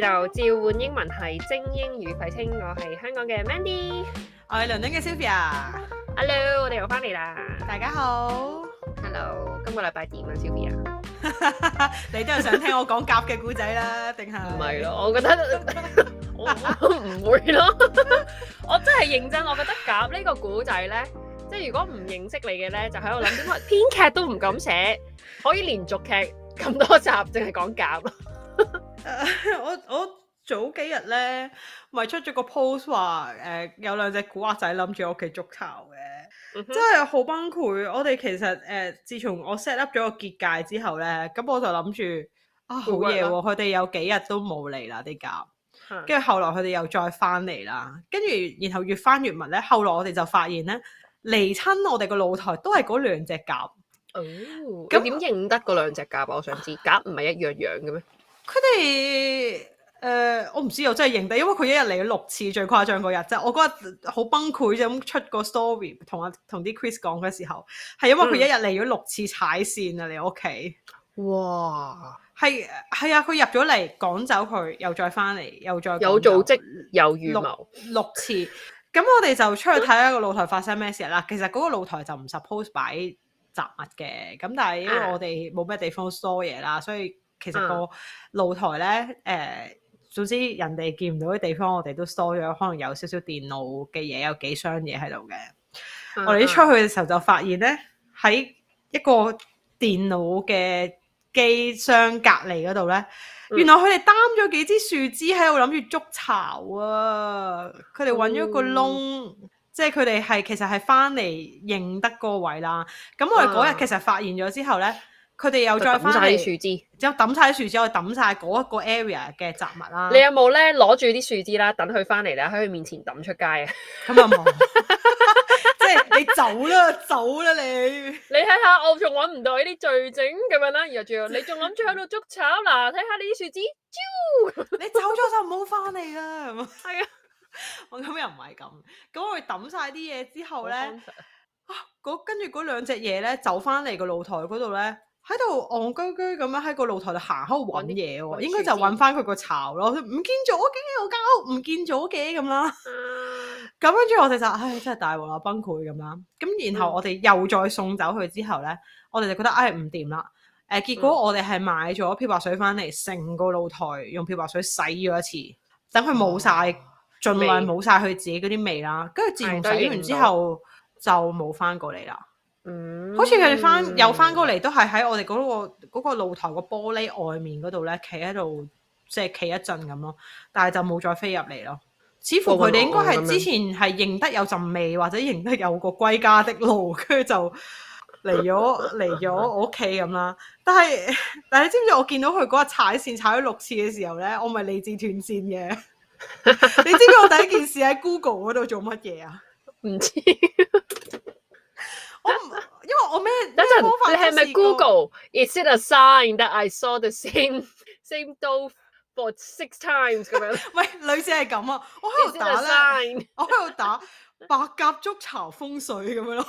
就召喚英文系精英與廢青，我係香港嘅 Mandy，我係倫敦嘅 Sylvia。Hello，我哋又翻嚟啦，大家好。Hello，今個禮拜點啊，Sylvia？你都係想聽我講鴿嘅古仔啦，定係？唔係咯，我覺得我唔會咯。我真係認真，我覺得鴿呢個古仔咧，即係如果唔認識你嘅咧，就喺度諗點解編劇都唔敢寫，可以連續劇咁多集淨係講鴿。誒，uh, 我我早幾日咧，咪出咗個 post 話，誒、呃，有兩隻古惑仔諗住喺屋企築巢嘅，mm hmm. 真係好崩潰。我哋其實誒、呃，自從我 set up 咗個結界之後咧，咁我就諗住啊，好嘢喎，佢哋有幾日都冇嚟啦啲鴿，跟住的後來佢哋又再翻嚟啦，跟住然後越翻越密咧，後來我哋就發現咧，嚟親我哋個露台都係嗰兩隻鴿。哦、oh, 那，你點認得嗰兩隻鴿？我想知鴿唔係一樣樣嘅咩？佢哋誒，我唔知啊！我真係認得，因為佢一日嚟咗六次，最誇張嗰日即係，我嗰日好崩潰，就咁出個 story，同阿同啲 Chris 講嘅時候，係因為佢一日嚟咗六次踩線啊！嚟屋企，哇，係係啊！佢入咗嚟，趕走佢，又再翻嚟，又再有組織有預謀六,六次。咁我哋就出去睇下個露台發生咩事啦。其實嗰個露台就唔 suppose 擺雜物嘅，咁但係因為我哋冇咩地方收嘢啦，所以、啊。其實個露台咧，誒、呃，總之人哋見唔到嘅地方，我哋都收咗，可能有少少電腦嘅嘢，有幾箱嘢喺度嘅。嗯、我哋一出去嘅時候就發現咧，喺一個電腦嘅機箱隔離嗰度咧，原來佢哋擔咗幾支樹枝喺度諗住築巢啊。佢哋搵咗個窿，嗯、即係佢哋係其實係翻嚟認得個位啦。咁我哋嗰日其實發現咗之後咧。嗯佢哋又再翻嚟啲樹枝，之後揼晒啲樹枝，我揼曬嗰一個 area 嘅雜物啦。你有冇咧攞住啲樹枝啦，等佢翻嚟啦，喺佢面前揼出街啊？咁啊，冇，即係你走啦，走啦你！你睇下，我仲揾唔到呢啲罪證咁樣啦，然後仲要你仲諗住喺度捉炒嗱，睇下你啲樹枝，你走咗就唔好翻嚟啦，係啊？我咁又唔係咁，咁我揼晒啲嘢之後咧，跟住嗰兩隻嘢咧走翻嚟個露台嗰度咧。喺度戇居居咁樣喺個露台度行，喺度揾嘢喎，應該就揾翻佢個巢咯。佢唔、哦、見咗嘅，間屋唔見咗嘅咁啦。咁跟住我哋就唉，真係大鑊啦，崩潰咁啦。咁然後我哋又再送走佢之後咧，我哋就覺得唉唔掂啦。誒、哎呃、結果我哋係買咗漂白水翻嚟，成個露台用漂白水洗咗一次，等佢冇晒，儘、嗯、量冇晒佢自己嗰啲味啦。跟住自從洗完之後、嗯、 就冇翻過嚟啦。嗯、好似佢哋翻又翻過嚟，都係喺我哋嗰、嗰個、嗰個露台個玻璃外面嗰度咧，企喺度即係企一陣咁咯。但係就冇再飛入嚟咯。似乎佢哋應該係之前係認得有陣味，或者認得有個歸家的路，跟住就嚟咗嚟咗我屋企咁啦。但係但係，你知唔知我見到佢嗰日踩線踩咗六次嘅時候咧，我咪理智斷線嘅？ 你知唔知我第一件事喺 Google 嗰度做乜嘢啊？唔知。我唔，因為我咩？等陣你係咪 Google？Is it a sign that I saw the same same dove for six times？咁樣？喂，女仔係咁啊！我喺度打啦，我喺度打白鴿築巢風水咁樣咯。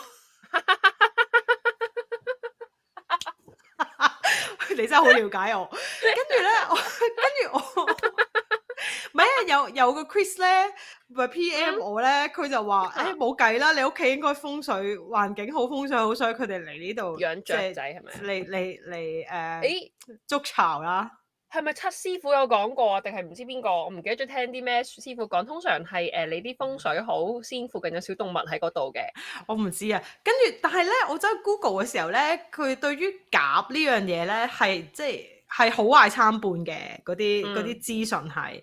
你真係好了解我。跟住咧，我跟住我。唔係啊，有有個 Chris 咧，咪 PM 我咧，佢、嗯、就話：誒冇計啦，你屋企應該風水環境好，風水好，所以佢哋嚟呢度養雀仔係咪？嚟嚟嚟誒！誒捉巢啦！係咪七師傅有講過啊？定係唔知邊個？我唔記得咗聽啲咩師傅講。通常係誒、呃、你啲風水好，先附近有小動物喺嗰度嘅。我唔知啊。跟住，但係咧，我真係 Google 嘅時候咧，佢對於鴿呢樣嘢咧係即係。係好壞參半嘅嗰啲嗰啲資訊係，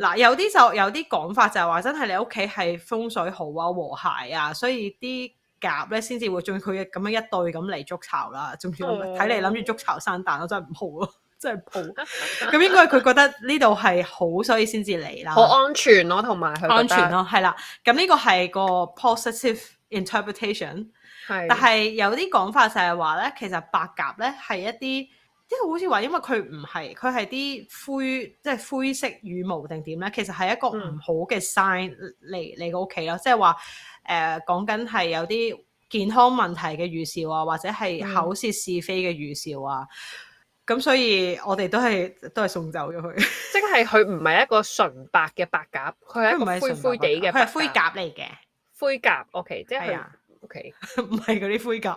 嗱，有啲就有啲講法就係話真係你屋企係風水好啊和諧啊，所以啲鴿咧先至會中佢嘅咁樣一對咁嚟捉巢啦，仲要睇你諗住捉巢生蛋咯，哦啊，真係唔好咯，真係唔好。咁 應該佢覺得呢度係好，所以先至嚟啦。好安全咯，啊，同埋安全咯，啊，係啦。咁呢個係個 positive interpretation，係的。但係有啲講法就係話咧，其實白鴿咧係一啲。即係好似話，因為佢唔係佢係啲灰，即係灰色羽毛定點呢？其實係一個唔好嘅 sign 嚟嚟個屋企啦，即係話誒講緊係有啲健康問題嘅預兆啊，或者係口舌是，是非嘅預兆啊。咁、嗯、所以我哋都係都係送走咗佢。即係佢唔係一個純白嘅白鴿，佢係灰灰哋嘅灰鴿嚟嘅灰鴿。OK，即係係啊，O K，唔係嗰啲灰鴿。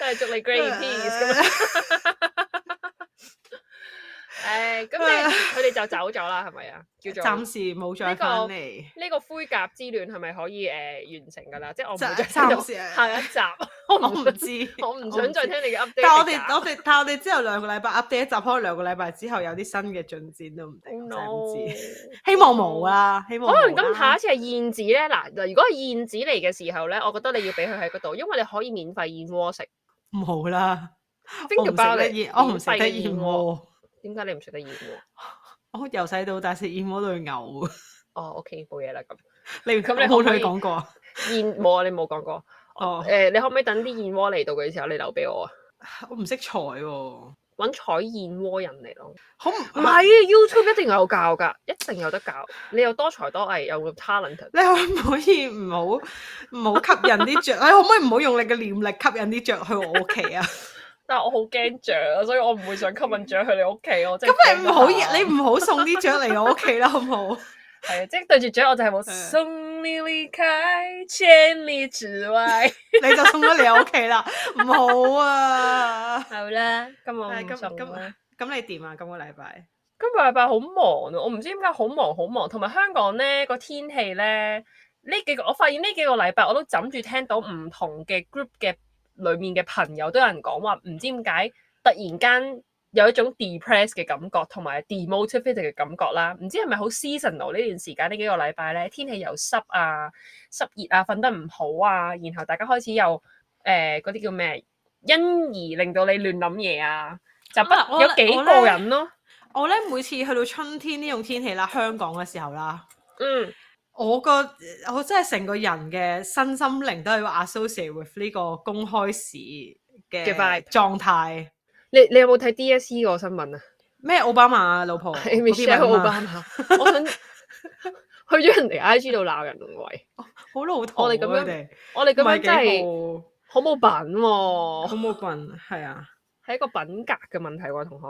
就係祝你 grey piece，咁樣，誒，咁你佢哋就走咗啦，係咪啊？叫做暫時冇再翻嚟，呢個灰甲之亂係咪可以誒完成噶啦？即係我暫時，下一集我唔知，我唔想再聽你嘅 update。但我哋我哋但我哋之後兩個禮拜 update 一集，可能兩個禮拜之後有啲新嘅進展都唔定咯唔知，希望冇啊，希望冇，可能咁下一次係燕子咧。嗱嗱，如果係燕子嚟嘅時候咧，我覺得你要俾佢喺嗰度，因為你可以免費燕窩食。冇啦，Finger ball，我唔食得燕，你我唔食得燕窩。點解你唔食得燕窩？我由細到大食燕窩都要嘔。哦，OK，冇嘢啦咁。你咁你冇同佢講過燕冇啊？你冇講過哦。誒、欸，你可唔可以等啲燕窩嚟到嘅時候，你留俾我，我啊？我唔識採喎。揾彩燕窩人嚟咯，好唔不係吧 YouTube 一定有教噶，一定有得教。你又多才多藝，又有 talent。你可唔可以唔好唔好吸引啲雀？ 你可唔可以唔好用你嘅念力吸引啲雀去我屋企啊？ 但係我好驚雀，啊，所以我唔會想吸引雀去你屋企。我真係咁，你唔好,好，你唔好送啲雀嚟我屋企啦，好唔好？係啊，即係對住雀，我就係冇送。 你離開千里之外， 你就送咗嚟我屋企啦，唔好啊！ 好啦，今個今今咁你點啊？今個禮拜，今個禮拜好忙啊！我唔知點解好忙好忙，同埋香港咧個天氣咧呢幾個，我發現呢幾個禮拜我都枕住聽到唔同嘅 group 嘅裏面嘅朋友都有人講話，唔知點解突然間。有一種 depress 嘅感覺，同埋 demotivated 嘅感覺啦。唔知係咪好 seasonal 呢段時間呢幾個禮拜咧，天氣又濕啊、濕熱啊，瞓得唔好啊，然後大家開始又誒嗰啲叫咩？因而令到你亂諗嘢啊，就不、啊、有幾個人咯。我咧每次去到春天呢種天氣啦，香港嘅時候啦，嗯，我個我真係成個人嘅身心靈都係 associate with 呢個公開試嘅狀態。你你有冇睇 DSE 個新聞啊？咩奧巴馬老婆 Michelle Obama？我想去咗人哋 IG 度鬧人喂，好老土。我哋咁樣，我哋咁樣真係好冇品，好冇品。係啊，係一個品格嘅問題喎，同學，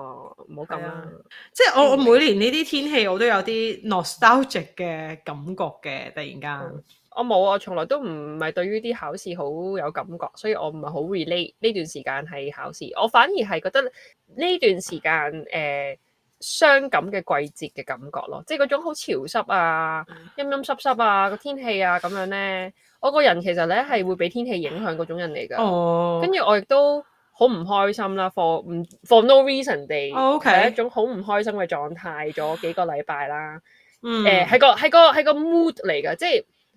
唔好咁啦。即係我我每年呢啲天氣，我都有啲 nostalgic 嘅感覺嘅，突然間。我冇啊，我從來都唔係對於啲考試好有感覺，所以我唔係好 relate 呢段時間係考試。我反而係覺得呢段時間誒、呃、傷感嘅季節嘅感覺咯，即係嗰種好潮濕啊、陰陰濕濕啊個天氣啊咁樣咧。我個人其實咧係會俾天氣影響嗰種人嚟㗎。哦，oh. 跟住我亦都好唔開心啦，for 唔 for no reason 哋，地係一種好唔開心嘅狀態咗幾個禮拜啦。嗯、oh, okay. 呃，誒，係個係個係個 mood 嚟㗎，即係。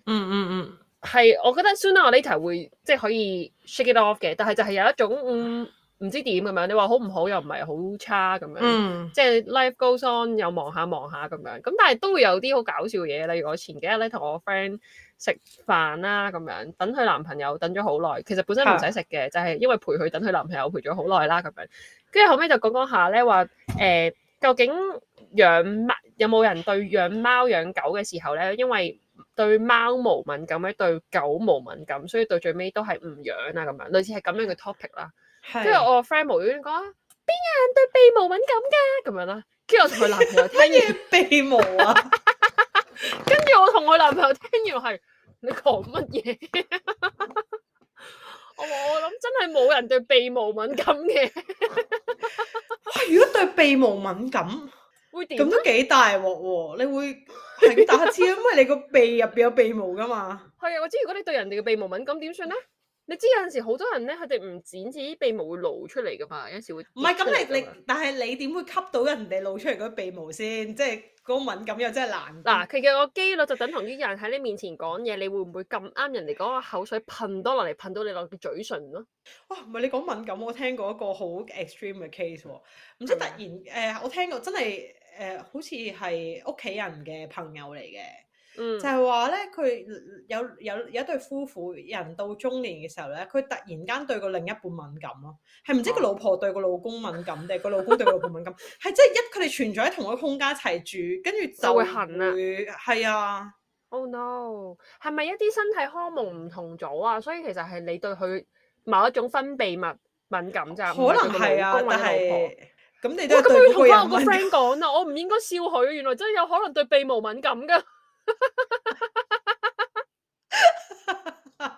嗯嗯嗯，係、mm hmm.，我覺得 sooner 啦，我呢題會即係可以 shake it off 嘅，但係就係有一種唔唔、嗯、知點咁樣，樣。你話好唔好又唔係好差咁樣，即係、mm hmm. life goes on，又望下望下咁樣。咁但係都會有啲好搞笑嘅嘢，例如我前幾日咧同我 friend 食飯啦，咁樣等佢男朋友等咗好耐。其實本身唔使食嘅，mm hmm. 就係因為陪佢等佢男朋友陪咗好耐啦。咁樣跟住後尾就講講下咧，話誒、欸，究竟養有冇人對養貓養狗嘅時候咧，因為？對貓毛敏感咧，對狗毛敏感，所以到最尾都係唔養啊咁樣，類似係咁樣嘅 topic 啦。跟住是我個 friend 無端端講啊，邊人對鼻毛敏感㗎？咁樣啦，跟住我同佢男朋友聽完鼻毛 啊， 跟住我同我男朋友聽完係你講乜嘢？我我諗真係冇人對鼻毛敏感嘅。 如果對鼻毛敏感？咁都幾大鑊喎！你會係咁打黐啊？因為你個鼻入邊有鼻毛噶嘛。係啊，我知。如果你對人哋嘅鼻毛敏感，點算咧？你知有陣時好多人咧，佢哋唔剪，自己鼻毛會露出嚟噶嘛？有陣時會。唔係咁，你你，但係你點會吸到人哋露出嚟嗰啲鼻毛先？即係嗰個敏感又真係難。嗱，其實個機率就等同於人喺你面前講嘢，你會唔會咁啱人哋嗰個口水噴多落嚟，噴到你落個嘴唇咯？哇！唔係你講敏感，我聽過一個好 extreme 嘅 case，唔知突然誒，我聽過真係。誒，uh, 好似係屋企人嘅朋友嚟嘅。嗯，就係話咧，佢有有有一對夫婦，人到中年嘅時候咧，佢突然間對個另一半敏感咯。啊，係唔知個老婆對個老公敏感定個老公對個老婆敏感？係即係一佢哋存在喺同一個空間一齊住，跟住就，就會恨啦。啊，係啊，Oh、哦、no，係咪一啲身體荷爾蒙唔同咗啊？所以其實係你對佢某一種分泌物敏感就可能係啊，但係。咁你都係對、哦、我咁 我個 friend 講啊，我唔應該笑佢，原來真係有可能對鼻毛敏感噶。 我唔應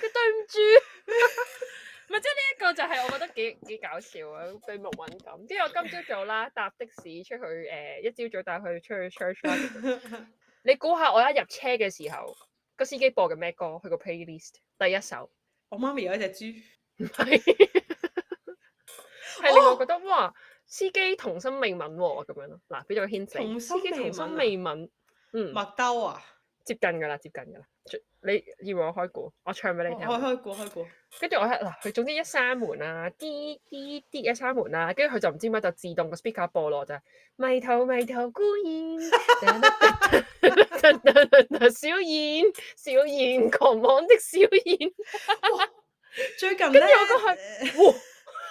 該，對唔住。咪即係呢一個就係我覺得幾幾搞笑啊！鼻毛敏感，跟住我今朝早啦搭的士出去，誒、呃、一朝早帶佢出去 check check，你估下我一入車嘅時候，個司機播嘅咩歌？佢個 playlist 第一首，我媽咪有一隻豬。 係令我覺得、哦、哇，司機童心未泯喎、啊，咁樣咯。嗱，俾咗個 hint、啊、司機童心未泯。嗯，麥兜啊，接近噶啦，接近噶啦。你要我開估，我唱俾你聽。我、哦、開開估，開估。跟住我一嗱，佢總之一閂門啊，滴滴滴嘅閂門啊，跟住佢就唔知點解就自動個 speaker 播落就 迷途迷途孤燕，小燕小燕狂妄的小燕。 最近跟住我嗰係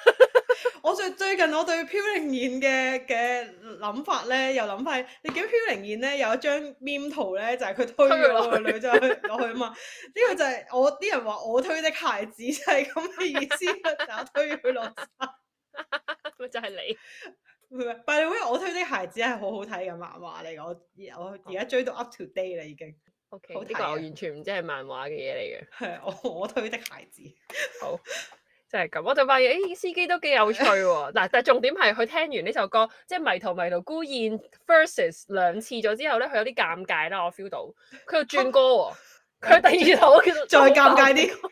我最最近我對飄零燕嘅嘅諗法咧，又諗返你見飄零燕咧有一張 meme 圖咧，就係、是、佢推個女仔落去啊嘛？呢、這個就係我啲人話我推的孩子就係咁嘅意思，就推佢落山，咪就係你。By the way，我推的孩子係好好睇嘅漫畫嚟，我我而家追到 up to date 啦，已經 OK。呢個我完全唔知係漫畫嘅嘢嚟嘅，係我我推的孩子好。就係咁，我就發現誒司機都幾有趣喎。嗱，但係重點係佢聽完呢首歌，即係迷途迷途孤燕 versus 兩次咗之後咧，佢有啲尷尬啦。我 feel 到佢又轉歌喎、哦，佢哈第二首再，再尷尬啲。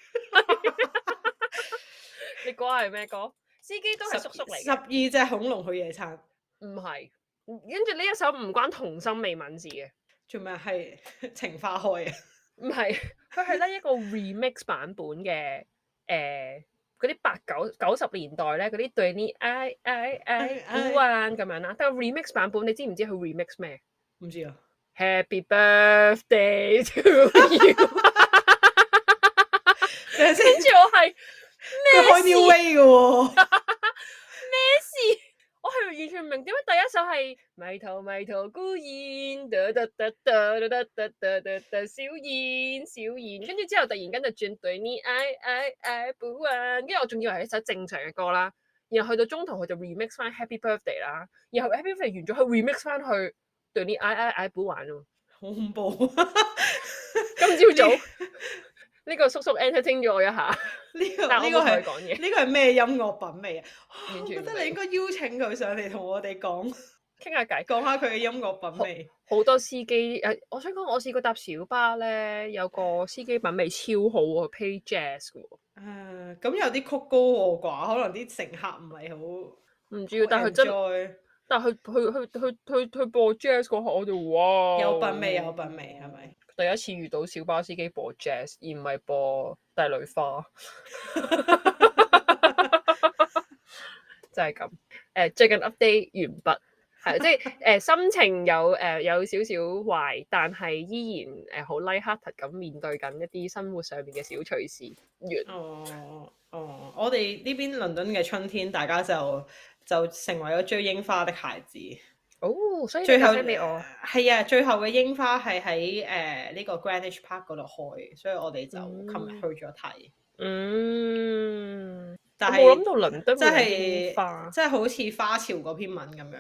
你估下係咩歌？司機都係叔叔嚟。十二隻恐龍去野餐，唔係。跟住呢一首唔關童心未泯事嘅，仲咪係情花開啊？唔係是，佢係咧一個 remix 版本嘅誒。欸嗰啲八九九十年代咧，嗰啲對你愛愛愛啊咁樣啦，但係 remix 版本，你知唔知佢 remix 咩？唔知啊。Happy birthday to you。跟住我係咩 way 嘅咩事？ 我係完全唔明點解第一首係迷途迷途孤燕，小燕小燕，跟住之後突然間就轉對你愛愛愛不完啊，跟住我仲以為係一首正常嘅歌啦，然後去到中途佢就 remix 翻 Happy Birthday 啦，然後 Happy Birthday 完咗佢 remix 翻去對你愛愛愛不完咯，好恐怖！ 今朝早。 呢個叔叔 entertain 咗我一下，呢、呢個呢、啊、個係呢、呢個係咩音樂品味啊，完全、哦？我覺得你應該邀請佢上嚟同我哋講傾下偈，講下佢嘅音樂品味。好多司機誒，我想講，我試過搭小巴咧，有個司機品味超好喎 play jazz 嘅喎。誒，咁、嗯、有啲曲高和寡，可能啲乘客唔係知好。唔知要，但佢真，但係佢佢去佢佢佢播 jazz 嗰下，我就哇！有品，有品味，有品味，係咪？第一次遇到小巴司機播 jazz，而唔係播《帝女花》 就，真係咁。誒最近 update 完畢，係即係誒心情有誒、uh, 有少少壞，但係依然誒好、uh, lighthearted 咁面對緊一啲生活上面嘅小趣事。完。哦哦、oh, oh. 我哋呢邊倫敦嘅春天，大家就就成為咗追櫻花的孩子。哦，所以最後，咩係啊，最後嘅櫻花係喺誒呢個 Greenwich Park 嗰度開，所以我哋就琴日去咗睇。嗯，嗯，但係冇諗到倫敦是真係即係好似花潮嗰篇文咁樣。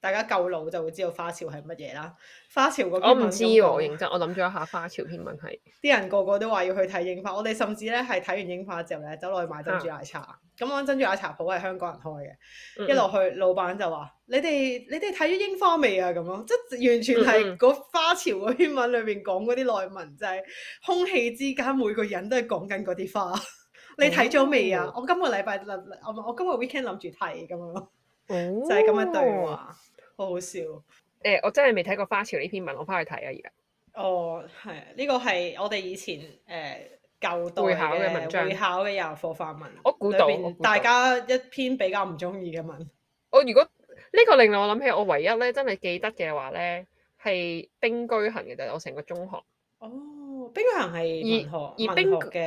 大家夠老就會知道花潮係乜嘢啦，花潮嗰篇我唔知喎，我認真，我諗咗一下花潮篇文係啲人個個都話要去睇櫻花，我哋甚至咧係睇完櫻花之後咧走落去買珍珠奶茶，咁講、嗯、珍珠奶茶鋪係香港人開嘅，嗯、一落去老闆就話：你哋你哋睇咗櫻花未啊？咁咯，即完全係嗰花潮嗰篇文裏面講嗰啲內文，嗯、就係空氣之間每個人都係講緊嗰啲花。 你睇咗未啊？我今個禮拜，我今個 weekend 諗住睇咁咯，樣嗯、就係咁嘅對話。好、哦、好笑！誒、欸，我真係未睇過花潮呢篇文，我翻去睇啊！而家哦，係呢個係我哋以前誒舊到、呃、會考嘅文章，會考嘅入學範文。我估到，面我到大家一篇比較唔中意嘅文。我、哦、如果呢、呢個令我諗起，我唯一咧真係記得嘅話咧，係兵車行嘅就係我成個中學哦。兵車行係文學。而，而兵嘅，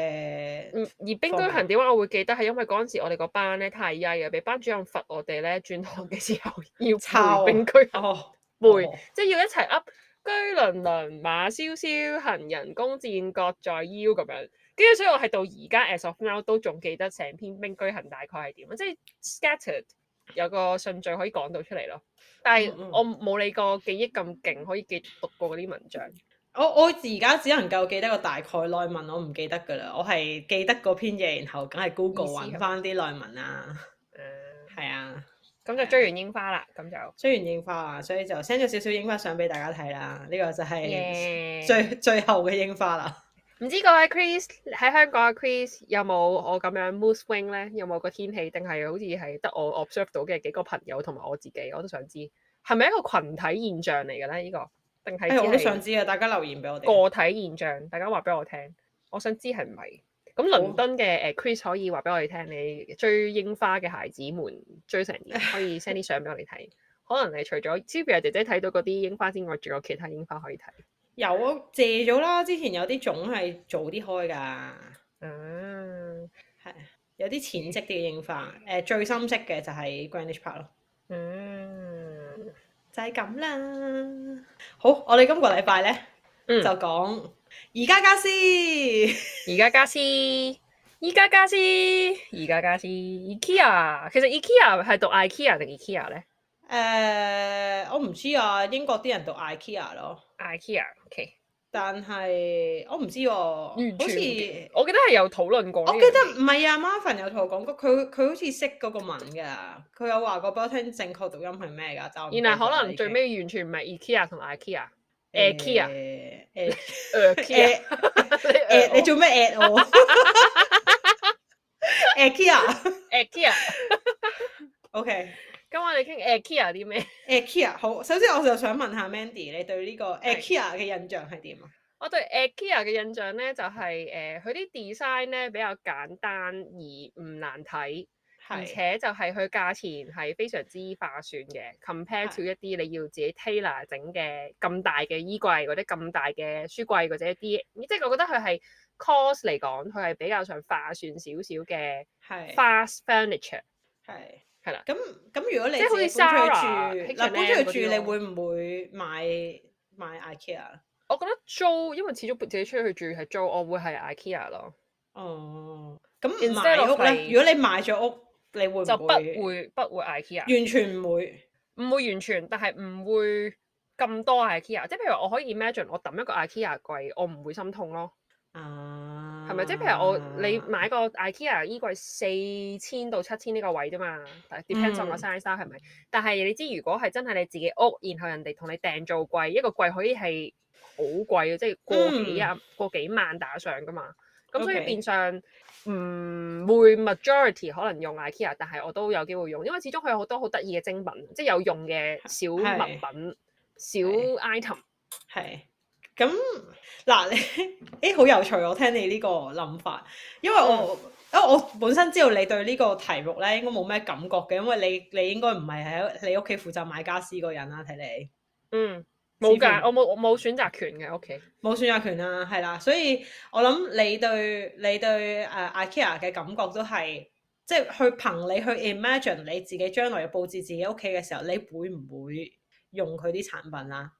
而兵車行點解？我會記得係因為嗰陣時我哋個班咧太曳啊，俾班主任罰我哋咧轉學嘅時候要背兵車行，背即係要一齊噏。車轔轔馬蕭蕭，行人弓箭各在腰咁樣。跟住所以我係到而家 as of now 都仲記得成篇兵車行大概係點啊，即係 scattered 有個順序可以講到出嚟咯。但係我冇你個記憶咁勁，可以記讀過嗰啲文章。我我而家只能夠記得個大概內文，我唔記得噶啦。我係記得嗰篇嘢，然後梗係 Google 揾翻啲內文、 嗯、啊。係啊，咁就追完櫻花啦。咁就追完櫻花，所以就 send 咗少少櫻花相俾大家睇啦。呢、嗯、個就係最 Yeah. 最後嘅櫻花啦。唔知各位 Chris 喺香港嘅 Chris 有冇我咁樣 mood swing 咧？有冇個天氣定係好似係得我 observe 到嘅幾個朋友同埋我自己？我都想知係咪一個群體現象嚟嘅咧？呢、呢個定係、欸，我想知啊！大家留言俾我哋個體現象，大家話俾我聽，我想知係唔係？咁倫敦嘅誒 Chris 可以話俾我哋聽，oh. 你追櫻花嘅孩子們追成年，可以 send 啲相俾我哋睇。 可能你除咗 Sylvia 姐姐睇到嗰啲櫻花之外，仲有其他櫻花可以睇。有啊，借咗啦，之前有啲種係早啲開㗎。嗯、uh，係有啲淺色啲櫻花，誒、uh, 最深色嘅就係 Greenwich Park 咯。嗯。Uh. 就係咁啦。好，我哋今個禮拜咧，就講宜家家私。宜家家私，宜家傢俬，宜家傢俬，IKEA。其實 IKEA 係讀 IKEA 定 IKEA 咧？誒，uh, 我唔知啊。英國啲人讀 IKEA 咯。IKEA，OK。但係我唔知喎，好似我記得係有討論過。我記得唔係啊，Marvin 有同我講過，佢佢好似識嗰個文噶，佢有話過俾我聽正確讀音係咩噶。就原來可能最尾完全唔係 IKEA 同 IKEA，IKEA，IKEA，你做咩 IKEO？IKEA，IKEA，OK。咁我哋傾誒 IKEA 啲咩？誒 IKEA 好，首先我就想問下 Mandy，你對呢個誒 IKEA 嘅印象係點啊？我對 IKEA 嘅印象咧就係誒佢啲 design 咧比較簡單而唔難睇，的而且就係佢價錢係非常之划算嘅的，compare to 一啲你要自己 tailor 整嘅咁大嘅衣櫃或者咁大嘅書櫃或者一啲，即係我覺得佢係 cost 嚟講，佢係比較上划算少少嘅，fast 係 furniture。係。係啦，咁咁如果你即係搬出去住，嗱搬出去住，你會唔會買買 IKEA？我覺得租，因為始終自己出去住係租，我會係 IKEA 咯。哦，咁買屋咧，如果你買咗屋，你會，不會就不會不會 IKEA？完全唔會，唔會完全，但係唔會咁多 IKEA。即係譬如我可以 imagine 我抌一個 IKEA 櫃，我唔會心痛咯。啊、嗯。係咪即係譬如我你買個 IKEA 衣櫃四千到七千呢個位啫嘛，depend on 個 size 啦，係咪？但係、嗯、你知如果係真係你自己屋，然後人哋同你訂做櫃，一個櫃可以係好貴嘅，即係過幾啊、嗯、過幾萬打上噶嘛。咁所以變相唔會 Okay.、嗯、majority 可能用 IKEA，但係我都有機會用，因為始終佢有好多好得意嘅精品，即係有用嘅小物品、是小 item。係。咁嗱，你誒好、欸、有趣，我聽你呢個諗法，因為我，嗯、因為我本身知道你對呢個題目咧，應該冇咩感覺嘅，因為你你應該唔係喺你屋企負責買傢俬嗰人啦、啊，睇你。嗯，冇㗎傅，我冇冇選擇權嘅屋企，冇、okay、選擇權啦、啊，係啦，所以我諗你對你對誒、uh, IKEA 嘅感覺都係，即、就、係、是、去憑你去 imagine 你自己將來要佈置自己屋企嘅時候，你會唔會？用佢啲產品啦，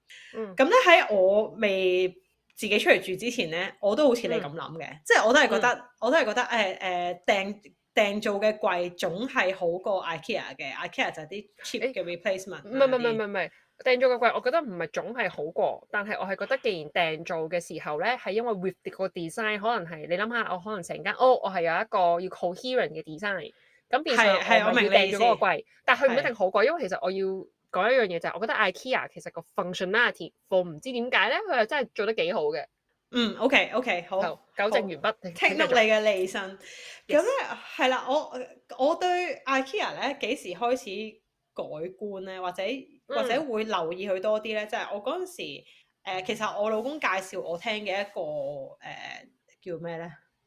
咁咧喺我未自己出嚟住之前咧，我都好似你咁諗嘅，嗯、即係我都係覺得，嗯、我都係覺得，誒、呃、誒訂訂做嘅櫃總係好過 IKEA 嘅，IKEA 就係啲 cheap 嘅 replacement、欸。唔係唔係唔係唔係，訂做嘅櫃我覺得唔係總係好過，但係我係覺得，既然訂做嘅時候咧，係因為 with 個 design 可能係你諗下，我可能成間屋、哦、我係有一個要 coherent 嘅 design，咁變相係我要我明先。但係佢唔一定好過，因為其實我要。講一樣嘢就係，我覺得 IKEA 其實個 functionality 啦，貼貨唔知點解咧，佢又真係做得幾好嘅。嗯，OK，OK，、okay, okay，好，好糾正完畢，好續聽到你嘅離身。咁咧係啦，我我對 IKEA 咧幾時開始改觀咧，或者或者會留意佢多啲咧？即係、嗯、我嗰陣時、呃、其實我老公介紹我聽嘅一個誒、呃、叫咩咧？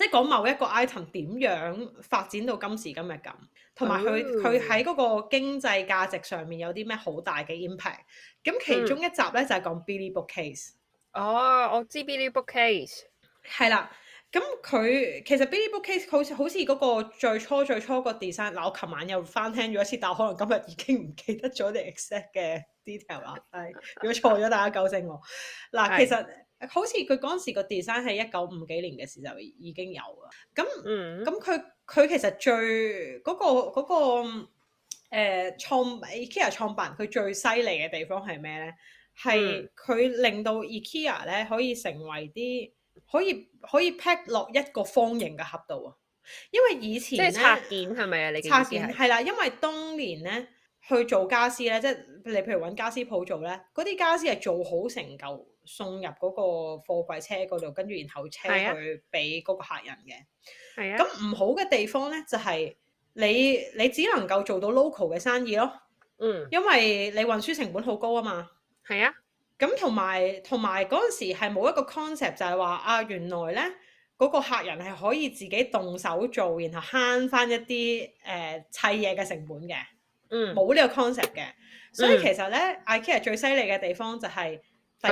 即係講某一個 item 點樣發展到今時今日咁，同埋佢佢喺嗰個經濟價值上面有啲咩好大嘅 impact。咁其中一集咧、mm. 就係講 Billy Bookcase。哦 Book，oh, 我知 Billy Bookcase。係啦，咁佢其實 Billy Bookcase 好似好似嗰個最初最初個 design。嗱，我琴晚又翻聽咗一次，但係我可能今日已經唔記得咗啲 exact 嘅 detail 啦。係， 如果錯咗， 大家糾正我。嗱、啊，其實～ 好似佢嗰陣時個 design 喺一九五幾年嘅時候已經有啦。咁咁佢佢其實最嗰、嗰個嗰、嗰個誒、呃、創 IKEA 創辦佢最犀利嘅地方係咩咧？係佢、嗯、令到 IKEA 咧可以成為啲可以可以 pack 落一個方形嘅盒度啊！因為以前即係拆件係咪啊？你拆件係啦嗎，因為當年咧。去做家私咧，即係你譬如揾家私鋪做咧，嗰啲家私係做好成嚿，送入嗰個貨櫃車嗰度，跟住然後車去俾嗰個客人嘅。係啊，咁唔好嘅地方咧就係你你只能夠做到 local 嘅生意咯。嗯，因為你運輸成本好高啊嘛。係啊，咁同埋同埋嗰陣時係冇一個 concept 就係話啊，原來咧嗰個客人係可以自己動手做，然後慳翻一啲誒砌嘢嘅成本嘅。冇呢、嗯、個 concept 嘅，所以其實咧、嗯、IKEA 最犀利嘅地方就係、是、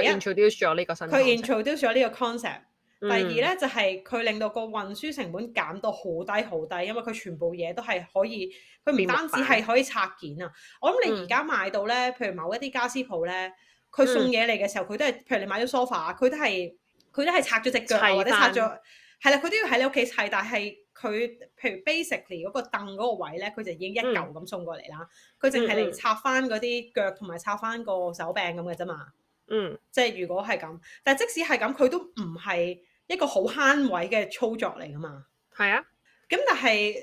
第一，佢 introduce 咗呢個新，佢 introduce 咗呢個 concept。嗯、第二咧就係、是、佢令到個運輸成本減到好低好低，因為佢全部嘢都係可以，佢唔單止係可以拆件啊。白我諗你而家買到咧，譬如某一啲家私鋪咧，佢送嘢嚟嘅時候，佢都係譬如你買咗 sofa，佢都係佢都係拆咗隻腳、啊、了或者拆咗，係啦，佢都要喺你屋企砌，但係。佢譬如 basically 嗰、那個凳嗰個位咧，佢就已經一嚿咁送過嚟啦。佢淨係嚟插翻嗰啲腳同埋插翻個手柄咁嘅啫嘛。嗯，即係如果係咁，但係即使係咁，佢都唔係一個好慳位嘅操作嚟噶嘛。係、嗯、啊。咁但係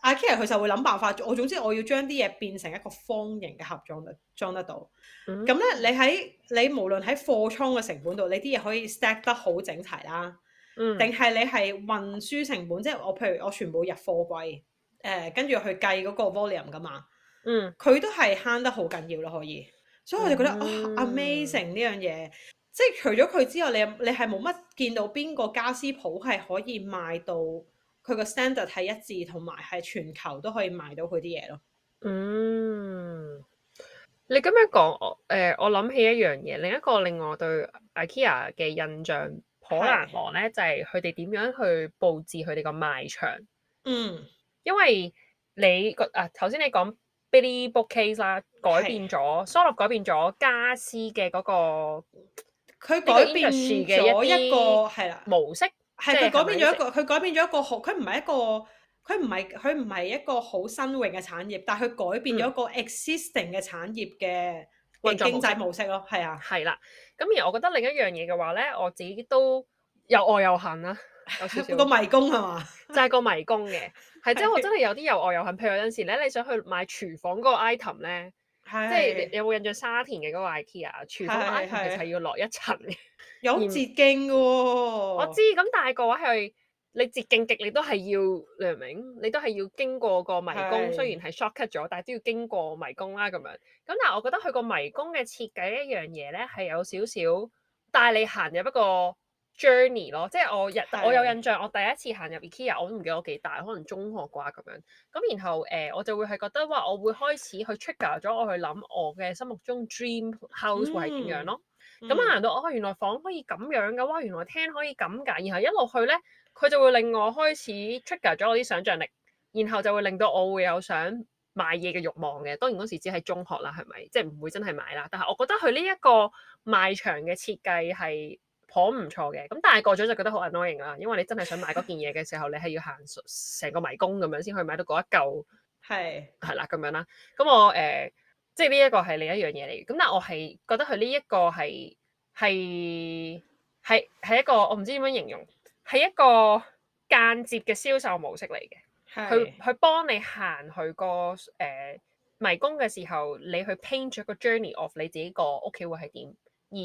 阿 ikea 佢就會諗辦法。我總之我要將啲嘢變成一個方形嘅盒裝得裝得到。咁咧、嗯，你喺你無論喺貨倉嘅成本度，你啲嘢可以 set 得好整齊啦。定係你係運輸成本，即係我譬如我全部入貨櫃，誒跟住去計嗰個 volume 噶嘛，嗯，佢都係慳得好緊要咯，可以，所以我就覺得啊、嗯哦、amazing 呢樣嘢，即係除咗佢之外，你你係冇乜見到邊個家私鋪係可以賣到佢個 standard 係一致，同埋係全球都可以賣到佢啲嘢咯。嗯，你咁樣講，誒、呃、我諗起一樣嘢，另一個令我對 IKEA 嘅印象。可難忘咧，就係佢哋點樣去佈置佢哋個賣場。嗯，因為你啊頭先你講 Billy Bookcase 啦，改變咗，Solo 改變咗家私嘅嗰個，佢改變咗一個係啦模式，係佢改變咗一個，佢改變咗一個好，佢唔係一個，佢唔係佢唔係一個好新穎嘅產業，但係佢改變咗個 existing 嘅產業嘅。嗯經濟模式咯，係啊，係啦、嗯。咁的而我覺得另一樣嘢嘅話咧，我自己都又愛又恨啦。有 個迷宮係、啊、嘛？ 就係個迷宮嘅，係即係我真係有啲又愛又恨。譬如有陣時咧，你想去買廚房嗰個 item 咧，的即係你有冇印象沙田嘅嗰個 IKEA 的廚房 item 係要落一層嘅，的 有捷徑喎、哦。 我知，咁但係個話係。你捷徑極力你，你都係要，你明唔明？你都係要經過個迷宮，的雖然係 shortcut 咗，但係都要經過迷宮啦。咁樣咁，但係我覺得佢個迷宮嘅設計一樣嘢咧，係有少少帶你行入一個 journey 咯。即、就、係、是、我日，的我有印象，我第一次行入 IKEA，我都唔記得我幾大，可能中學啩咁樣。咁然後誒、呃，我就會係覺得哇，我會開始去 trigger 咗我去諗我嘅心目中 dream house 係點、嗯、樣咯。咁啊、嗯嗯、行到哦，原來房可以咁樣噶，哇、哦！原來廳可以咁㗎，然後一路去咧。佢就會令我開始 trigger 咗我啲想象力，然後就會令到我會有想買嘢嘅慾望嘅。當然嗰時只係中學啦，係咪？即係唔會真係買啦。但係我覺得佢呢一個賣場嘅設計係頗唔錯嘅。咁但係過咗就覺得好 annoying 啦，因為你真係想買嗰件嘢嘅時候，你係要行成個迷宮咁樣先可以買到嗰一嚿。係，係啦，咁樣啦。咁我誒、呃、即係呢一、一個係另一樣嘢嚟。咁但係我係覺得佢呢一個係係係係一個我唔知點樣形容。係一個間接嘅銷售模式嚟嘅，佢是去幫你行去、那個誒、呃、迷宮嘅時候，你去 paint 個 journey of f 你自己個屋企會係點。而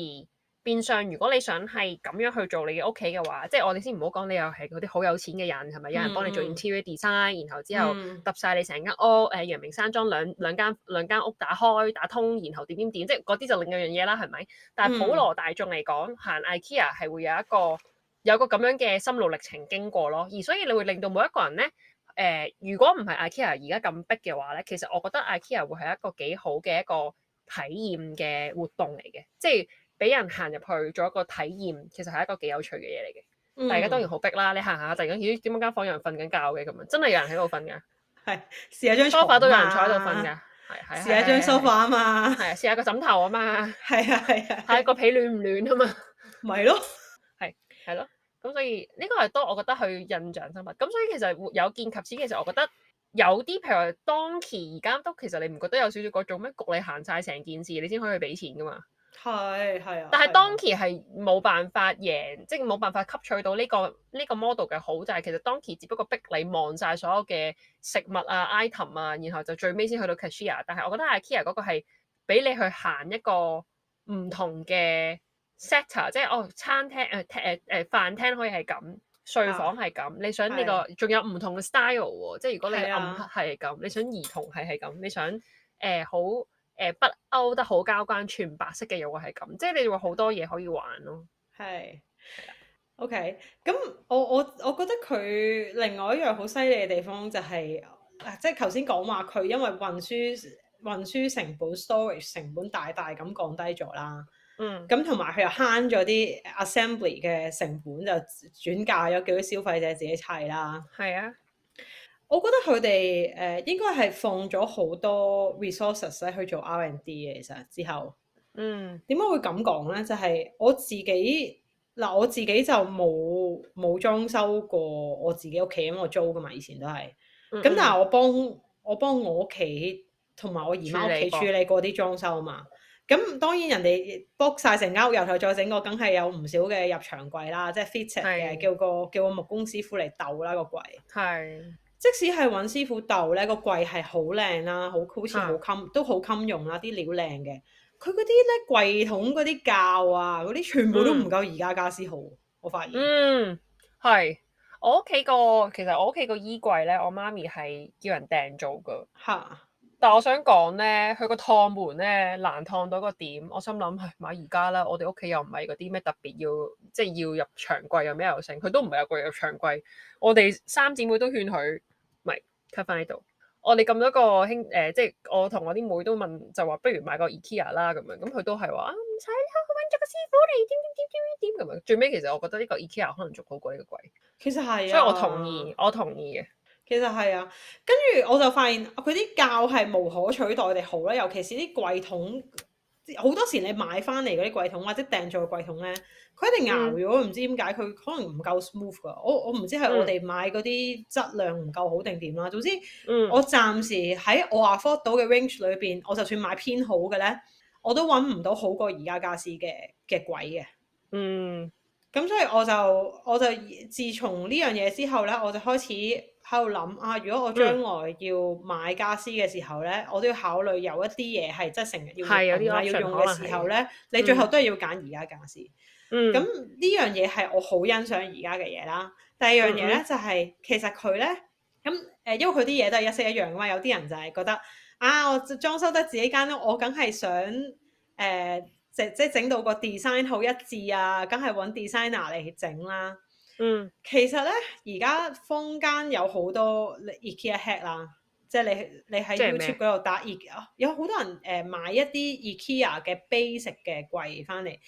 變相如果你想係咁樣去做你嘅屋企嘅話，即、就、係、是、我哋先唔好講你又係嗰啲好有錢嘅人，係咪？有人幫你做 interior design，、嗯、然後之後揼晒、嗯、你成間屋，誒、呃、陽明山莊兩兩間兩間屋打開打通，然後點點點，即係嗰啲就另一樣嘢啦，係咪？嗯、但係普羅大眾嚟講，行 IKEA 係會有一個。有個咁樣嘅心路歷程經過咯，而所以你會令到每一個人咧，誒，如果唔係 IKEA 而家咁逼嘅話咧，其實我覺得 IKEA 會係一個幾好嘅一個體驗嘅活動嚟嘅，即係俾人行入去做一個體驗，其實係一個幾有趣嘅嘢嚟嘅。大家當然好逼啦，你行下突然間咦，點解間房有人瞓緊覺嘅？咁樣真係有人喺度瞓㗎。係試下張梳化都有人坐喺度瞓㗎。係試下張梳化啊嘛。係試下個枕頭啊嘛。係啊係啊。睇個被暖唔暖啊嘛。咪咯。係咯，咁所以呢個係多我覺得佢印象深刻。咁所以其實有見及此，其實我覺得有啲譬如話 Donki 而家都其實你唔覺得有少少嗰種咩？焗你行晒成件事你先可以俾錢噶嘛？係係啊。但係 Donki 係冇辦法贏，的即係冇辦法吸取到呢個呢個 model 嘅好。就係其實 Donki 只不過逼你望晒所有嘅食物啊 item 啊，然後就最尾先去到 cashier。但係我覺得 ikea 嗰個係俾你去行一個唔同嘅。Sector 即係哦，餐廳誒誒誒飯廳可以係咁，睡房係咁，啊、你想呢、呢個仲的有唔同嘅 style 喎、哦，即係如果你暗黑係咁，的你想兒童係係咁，你想誒、呃、好誒北、呃、歐得好交關，全白色嘅又會係咁，即係你會好多嘢可以玩咯、哦。係的的，OK，咁我我我覺得佢另外一樣好犀利嘅地方就係即係頭先講話佢因為運輸運輸成本 storage 成本大大咁降低咗啦。嗯，咁同埋佢又慳咗啲 assembly 嘅成本，就轉嫁咗，叫啲消費者自己砌啦。係啊，我覺得佢哋誒，應該係放咗好多 resources 去做 R&D 嘅。其實之後，嗯，點解會咁講咧？就係、是、我自己嗱，呃，我自己就冇冇裝修過我自己屋企，因為我租噶嘛，以前都係。咁但係我幫、嗯嗯、我幫我屋企同埋我姨媽屋企處理過啲裝修啊嘛。咁、嗯、當然人哋 book 曬成間屋，由頭再整過，梗係有唔少嘅入牆櫃啦，即係 fitting 是叫個叫個木工師傅嚟鬥啦個櫃。係是。即使係揾師傅鬥咧，個櫃係好靚啦，好好似好襟都好襟用啦、啊，啲料靚嘅。佢嗰啲咧櫃桶嗰啲架啊，嗰啲全部都唔夠而家傢俬好，嗯、我發現。嗯，係。我屋企個其實我屋企個衣櫃咧，我媽咪係叫人訂做噶。嚇、嗯、～但我想講咧，佢個趟門咧難趟到個點，我心諗買而家啦。我哋屋企又唔係嗰啲咩特別要，即係要入長櫃又咩又剩，佢都唔係有櫃入長櫃。我哋三姊妹都勸佢，唔係 cut 翻喺度。我哋咁多個兄誒、呃，即係我同我啲妹、妹都問，就話不如買個 IKEA 啦咁樣。咁佢都係話唔使啦，揾、啊、咗個師傅嚟點點點點點點咁樣。最尾其實我覺得呢個 IKEA 可能仲好過呢個櫃。其實係、啊，所以我同意，我同意嘅。其實係啊，跟住我就發現佢啲教係無可取代地好啦，尤其是啲櫃桶，好多時你買翻嚟嗰啲櫃桶或者訂做嘅櫃桶咧，佢一定咬咗，唔、嗯、知點解佢可能唔夠 smooth 噶。我我唔知係我哋買嗰啲質量唔夠好定點啦。總之、嗯、我暫時喺我 afford 到嘅 range 裏邊，我就算買偏好嘅咧，我都揾唔到好過而家傢俬嘅嘅櫃嘅。的鬼的嗯。咁所以我就我就自從呢樣嘢之後咧，我就開始喺度諗啊，如果我將來要買家私嘅時候咧，嗯、我都要考慮有一啲嘢係即係成日要要用嘅、嗯、時候咧，嗯、你最後都係要揀宜家家私。咁呢、嗯、樣嘢係我好欣賞宜家嘅嘢啦。第二樣嘢咧、嗯嗯、就係、是、其實佢咧，咁誒因為佢啲嘢都係一式一樣噶嘛。有啲人就係覺得啊，我裝修得自己間屋，我梗係想誒。呃即係整到個 design 好一致啊，梗係揾 designer 嚟整啦。嗯，其實咧而家坊間有好多 IKEA hack 啦，即係你你喺 YouTube 嗰度打「IKEA」，有好多人誒買一啲 IKEA 嘅 basic 嘅櫃翻嚟。咁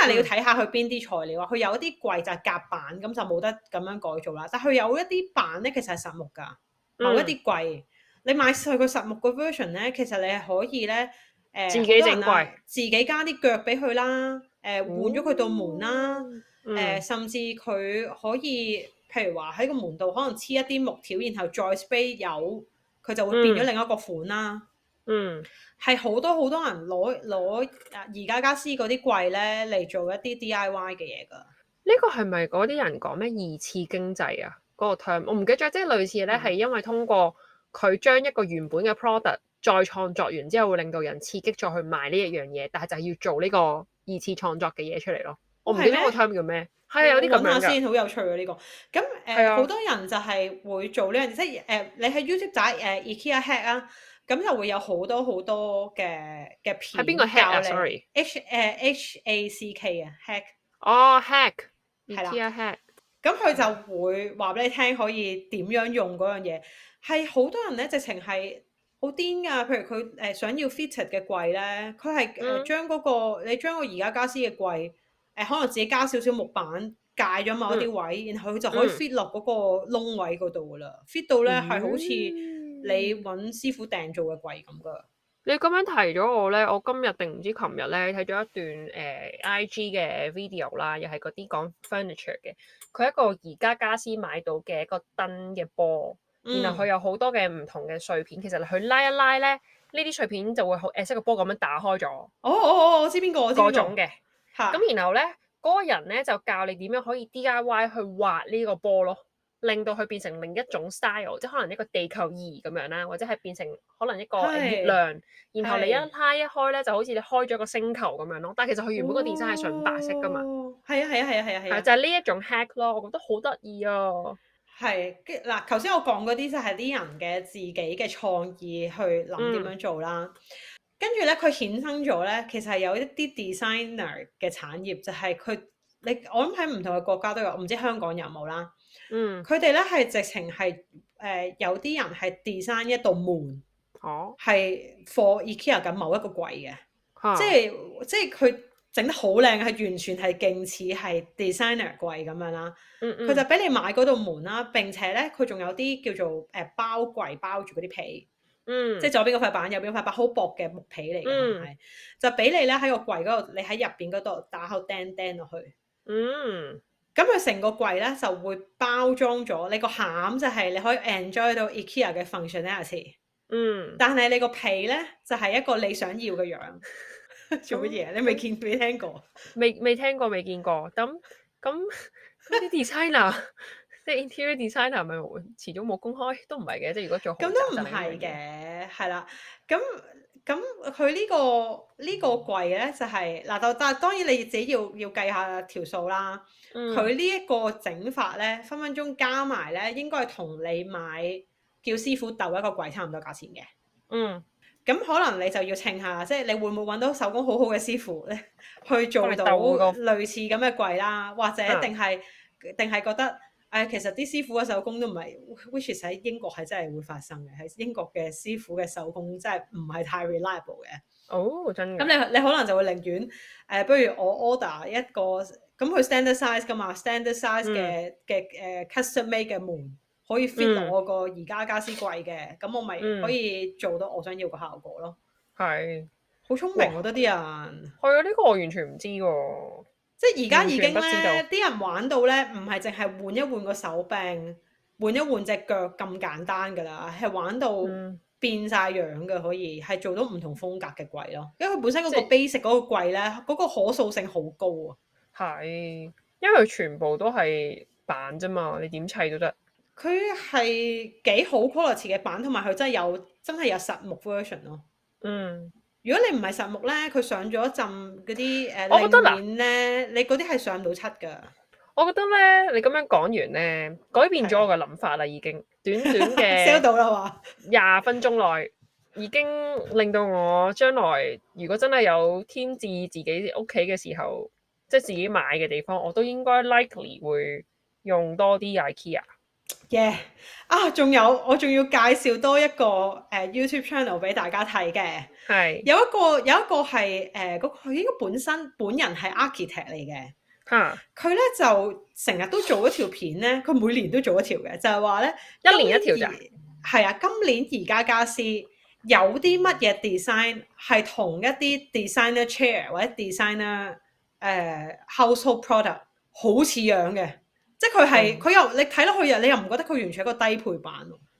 但係你要睇下佢邊啲材料啊，佢有一啲櫃就係夾板，咁就冇得咁樣改造啦。但係佢有一啲板咧，其實係實木㗎，某一啲櫃。嗯、你買佢個實木個 version 咧，其實你係可以咧。誒好、呃、多人啊，自己加啲腳俾佢啦，誒、呃、換咗佢道門啦，誒、嗯呃、甚至佢可以，譬如話喺個門度可能黐一啲木條，然後再 space 油，佢就會變咗另一個款啦。嗯，係、嗯、好多好多人攞攞宜家傢俬嗰啲櫃咧嚟做一啲 DIY 嘅嘢㗎。呢個係咪嗰啲人講咩二次經濟啊？嗰、那個 term 我唔記得咗，即、就、係、是、類似咧，係、嗯、因為通過佢將一個原本嘅 product。再創作完之後，會令到人刺激再去買呢一樣嘢，但係就係要做呢個二次創作嘅嘢出嚟咯。哦、我唔記得個 term 叫咩，係啊，有啲咁樣先好有趣啊！呢個咁誒，好多人就係會做呢樣，即係誒你喺 YouTube 打誒、啊、IKEA hack 啊，咁就會有好多好多嘅嘅片。係邊個 hack？Sorry，H 誒 HACK 啊，hack 哦 hack，IKEA hack。咁佢就會話俾你聽，可以點樣用嗰樣嘢？係好多人咧，直情係。好癲㗎，譬如佢誒、呃、想要 fitted 嘅櫃咧，佢係誒將嗰、那個、嗯、你將個宜家家私嘅櫃誒、呃，可能自己加少少木板界咗某啲位，嗯、然後佢就可以 fit 落嗰個窿位嗰度㗎啦。嗯、fit 到咧係好似你揾師傅訂做嘅櫃咁㗎。你咁樣提咗我咧，我今日定唔知琴日咧睇咗一段誒、呃、IG 嘅 video 啦，又係嗰啲講 furniture 嘅，佢一個宜家家私買到嘅一個燈嘅波。然後佢有好多嘅唔同嘅碎片，其實佢拉一拉咧，呢啲碎片就會好，誒，一個波咁樣打開咗。哦哦哦，我知邊個，種我種嘅，咁然後咧，嗰、嗰個人咧就教你點樣可以 D I Y 去畫呢個波咯，令到佢變成另一種 style，即係可能一個地球儀咁樣啦，或者係變成可能一個月亮。是然後你一拉一開咧，就好似你開咗一個星球咁樣咯。但係其實佢原本個電箱係純白色㗎嘛。係、哦、啊係啊係啊係啊，啊。就係呢一種 hack 咯，我覺得好得意啊！係，嗱，頭先我講嗰啲就係啲人嘅自己嘅創意去諗點樣做啦。嗯、跟住咧，佢衍生咗咧，其實係有一啲 designer 嘅產業，就係、是、佢你我諗喺唔同嘅國家都有，唔知香港有冇啦。嗯，佢哋咧係直情係誒有啲人係 design 一道門，哦、啊，係 for IKEA 嘅某一個櫃嘅、啊，即係即係佢。整得好靚，係完全係勁似係 designer 櫃咁樣啦。佢、mm hmm. 就俾你買嗰度門啦，並且咧佢仲有啲叫做誒包櫃包住嗰啲皮，嗯、mm，hmm. 即係左邊嗰塊板、右邊嗰塊板，好薄嘅木皮嚟嘅，係、mm hmm. 就俾你咧喺個櫃嗰度，你喺入邊嗰度打下釘釘落去，嗯、mm，咁佢成個櫃咧就會包裝咗你個餡，就係你可以 enjoy 到 IKEA 嘅 functionality，嗯，mm hmm. 但係你個皮咧就係、是、一個你想要嘅樣。做乜嘢？嗯、你未見未聽過？未未 聽過未見過？咁咁啲 designer，即係 interior designer，咪會遲早冇工開？都唔係嘅。即係如果做咁都唔係嘅，係、嗯、啦。咁咁佢呢個呢、呢個櫃咧，就係、是、嗱，就但當然你自己要要計下條數啦。佢呢一個整法咧，分分鐘加埋咧，應該係同你買叫師傅鬥一個櫃差唔多價錢嘅。嗯。咁可能你就要稱下，即係你會唔會揾到手工好好嘅師傅咧？去做到類似咁嘅櫃啦，或者定係定係覺得誒、呃，其實啲師傅嘅手工都唔係。Which is 喺英國係真係會發生嘅，喺英國嘅師傅嘅手工真係唔係太 reliable 嘅。哦，真嘅。咁你你可能就會寧願誒、呃，不如我 order 一個咁佢 standard size 噶嘛，standard size 嘅嘅誒 custom made 嘅門。可以 fit 我個宜家家私櫃嘅，咁、嗯、我咪可以做到我想要個效果咯。係是，好聰明我覺得啲人。係啊，呢、這個我完全唔知喎、啊。即係而家已經咧，啲人玩到咧，唔係淨係換一換個手柄，換一換隻腳咁簡單噶啦，係玩到變晒樣嘅，可以係、嗯、做到唔同風格嘅櫃咯。因為佢本身嗰個 basic 嗰個櫃咧，嗰即個可塑性好高啊。係，因為佢全部都係板啫嘛，你點砌都得。佢係幾好 quality 嘅版，同埋佢真係有真係有實木 version 咯。嗯，如果你唔係實木咧，佢上咗一浸嗰啲誒立面咧，你嗰啲係上到七㗎。我覺得咧，你咁樣講完咧，改變咗我嘅諗法啦。的已經短短嘅，sell 到啦嘛，廿分鐘內已經令到我將來如果真係有添置自己屋企嘅時候，即係自己買嘅地方，我都應該 likely 會用多啲 IKEA。嘅、yeah. 啊，仲有我仲要介紹多一個誒、uh, YouTube channel 俾大家睇嘅，係是有一個有一個係誒嗰個佢應該本身本人係 architect 嚟嘅，嗯、啊，佢咧就成日都做一條片咧，佢每年都做一條嘅，就係話咧一年一條咋，係啊，今年而家宜家家私有啲乜嘢 design 係同一啲 designer chair 或者 designer 誒、呃、household product 好似樣嘅。即係佢係佢又，你睇落去又你又唔覺得佢完全係一個低配版，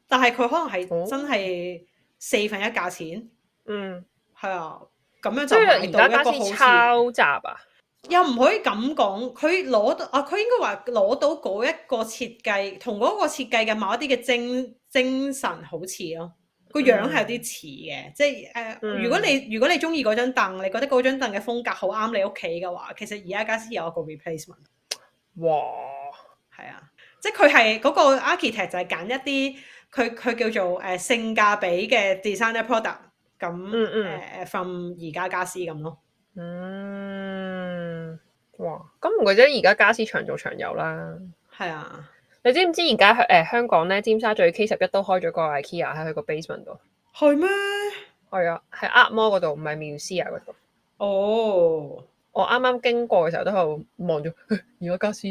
但係佢可能係、嗯、真係四分一價錢。嗯，係啊，咁樣就嚟到一個好抄襲、嗯嗯、啊！又唔可以咁講，佢攞到啊，佢應該話攞到嗰一個設計，同嗰個設計嘅某一啲嘅精精神好似咯，個樣係有啲似嘅。嗯、即係誒、呃嗯，如果你如果你中意嗰張凳，你覺得嗰張凳嘅風格好啱你屋企嘅話，其實而家傢俬有一個 replacement。哇！係啊，即係佢係嗰個 architect 就係揀一啲佢佢叫做誒、呃、性價比嘅 designer product 咁誒 m 而家家私咁咯。嗯，哇、嗯，咁唔怪得而家家私長做長有啦。係啊，你知唔知而家誒香港咧尖沙咀 K 十一都開咗個 IKEA 喺佢個 basement 度？係咩嗎？係啊、哎，喺 Opt 摩嗰度唔係妙思啊嗰度。哦，我啱啱經過嘅時候都喺度望住如果家私。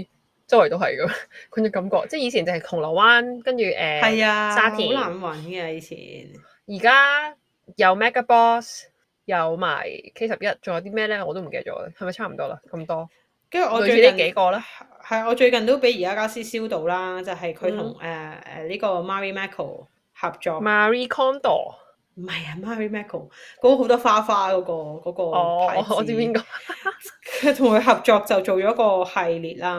周圍都係噶，佢嘅感覺，即係以前就係銅鑼灣，跟住誒，係啊、沙田好難揾嘅以前。而家有 Mega Boss，有埋 K 十一，仲有啲咩咧？我都唔記得咗，係咪差唔多啦？咁多，跟住我對住呢幾個啦。係，我最近都俾宜家家私燒到啦，就係佢同誒誒呢個 Mary Michael 合作。Marie Kondo。唔係啊，Marimekko，嗰個好多花花嗰、嗰個嗰、嗰個牌子，我知邊個，佢同佢合作就做咗一個系列啦。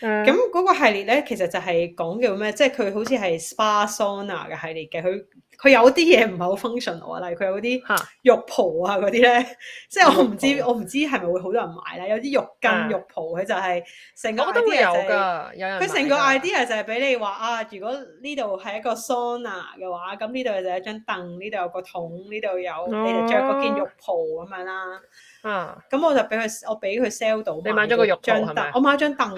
咁嗰、uh. 個系列咧，其實就係講叫咩？即係佢好似係 spa sauna 嘅系列嘅，佢。佢有啲嘢唔係好 function 喎，例如佢有嗰啲浴袍啊嗰啲咧，即係我唔知我唔知係咪會好多人買啦。有啲浴巾、浴袍佢就係成個 idea 有㗎。佢成個 idea 就係俾你話啊，如果呢度係一個 sauna 嘅話，咁呢度就係張凳，呢度有個桶，呢度有你著嗰件浴袍咁樣啦。啊，咁我就俾佢我俾佢 sell 到。你買咗個浴袍係咪？我買咗張凳，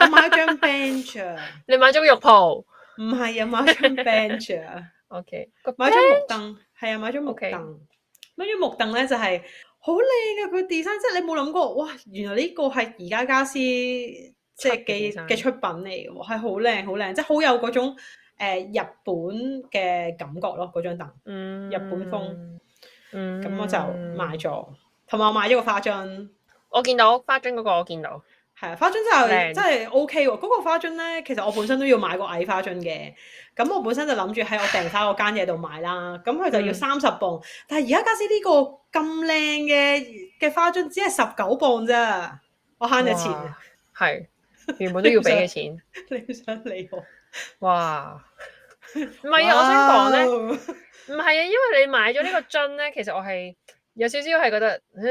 我買咗張 bench。你買咗個浴袍？唔係啊，買咗張 bench。O Okay . K，買張木凳，係啊 Okay.，買張木凳。Okay. 買張木凳咧就係好靚啊。佢 design 即係你冇諗過，哇！原來呢個係宜家家私即係嘅嘅出品嚟，係好靚好靚，即係好有嗰種誒、呃、日本嘅感覺咯，嗰張凳，嗯、日本風。嗯，咁我就買咗，同埋、嗯、我買咗個花樽。我見到花樽嗰個，我見到。係啊，花樽亮真係真係 O K 喎。嗰、嗰個花樽咧，其實我本身都要買個矮花樽嘅。咁我本身就諗住喺我訂曬我間嘢度買啦。咁佢就要三十磅，嗯、但係而家家私呢個咁靚嘅嘅花樽，只係十九磅啫，我慳咗錢。係，原本都要俾嘅錢。 你，想，你想理我？哇！唔係啊，我想講咧，唔係啊，因為你買咗呢個樽咧，其實我係有少少係覺得，咁、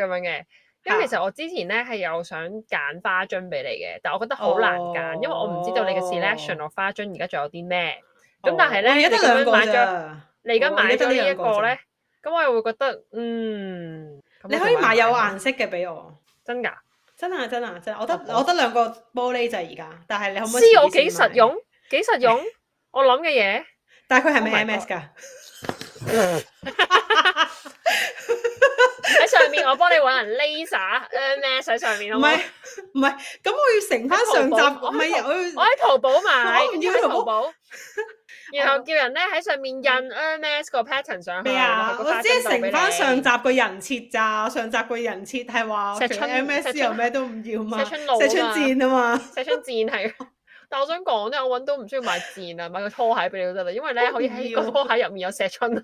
呃、樣嘅。咁其實我之前咧係有想揀花樽俾你嘅，但係我覺得好難揀，因為我唔知道你嘅 selection 落花樽而家仲有啲咩。咁但係咧，你得兩個咋？你而家買咗呢一個咧，咁我又會覺得，嗯，你可以買有顏色嘅俾我。真噶？真啊！真啊！真！我得我得兩個玻璃就係而家，但係你可唔可以知我幾實用？幾實用？我諗嘅嘢。但係佢係咪係咩色？喺上面我幫你搵人 laser，Hermès 喺上面囉，唔係唔係，咁我要成翻上集，唔係我我喺淘寶買，要喺淘寶，然後叫人咧喺上面印 Hermès 個 pattern 上去。咩啊？即係成翻上集個人設咋，上集個人設係話，石春 Hermès 又咩都唔要嘛，石春露，石春箭啊嘛，石春箭係。但我想講咧，我搵到唔需要買箭啊，買個拖鞋俾你都得啦，因為咧可以喺個拖鞋入面有石春。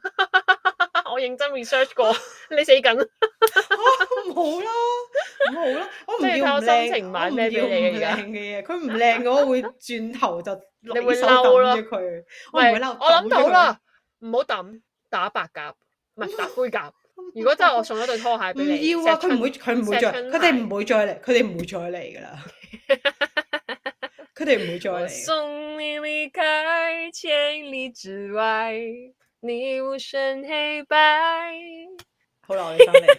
我認真 research 過，你死梗！好嚇，冇啦，冇啦！我唔要。心情買咩俾你嘅？嘢，佢唔靚嘅我會轉頭就。你會嬲啦！佢唔嬲，我諗到啦，唔好抌，打白鴿，唔係打灰鴿。如果真係我送咗對拖鞋俾你，唔要啊！佢唔會，佢唔會再，佢哋唔會再嚟，佢哋唔會再嚟噶啦。佢哋唔會再嚟。送你。你無黑白。好啦，我哋翻嚟，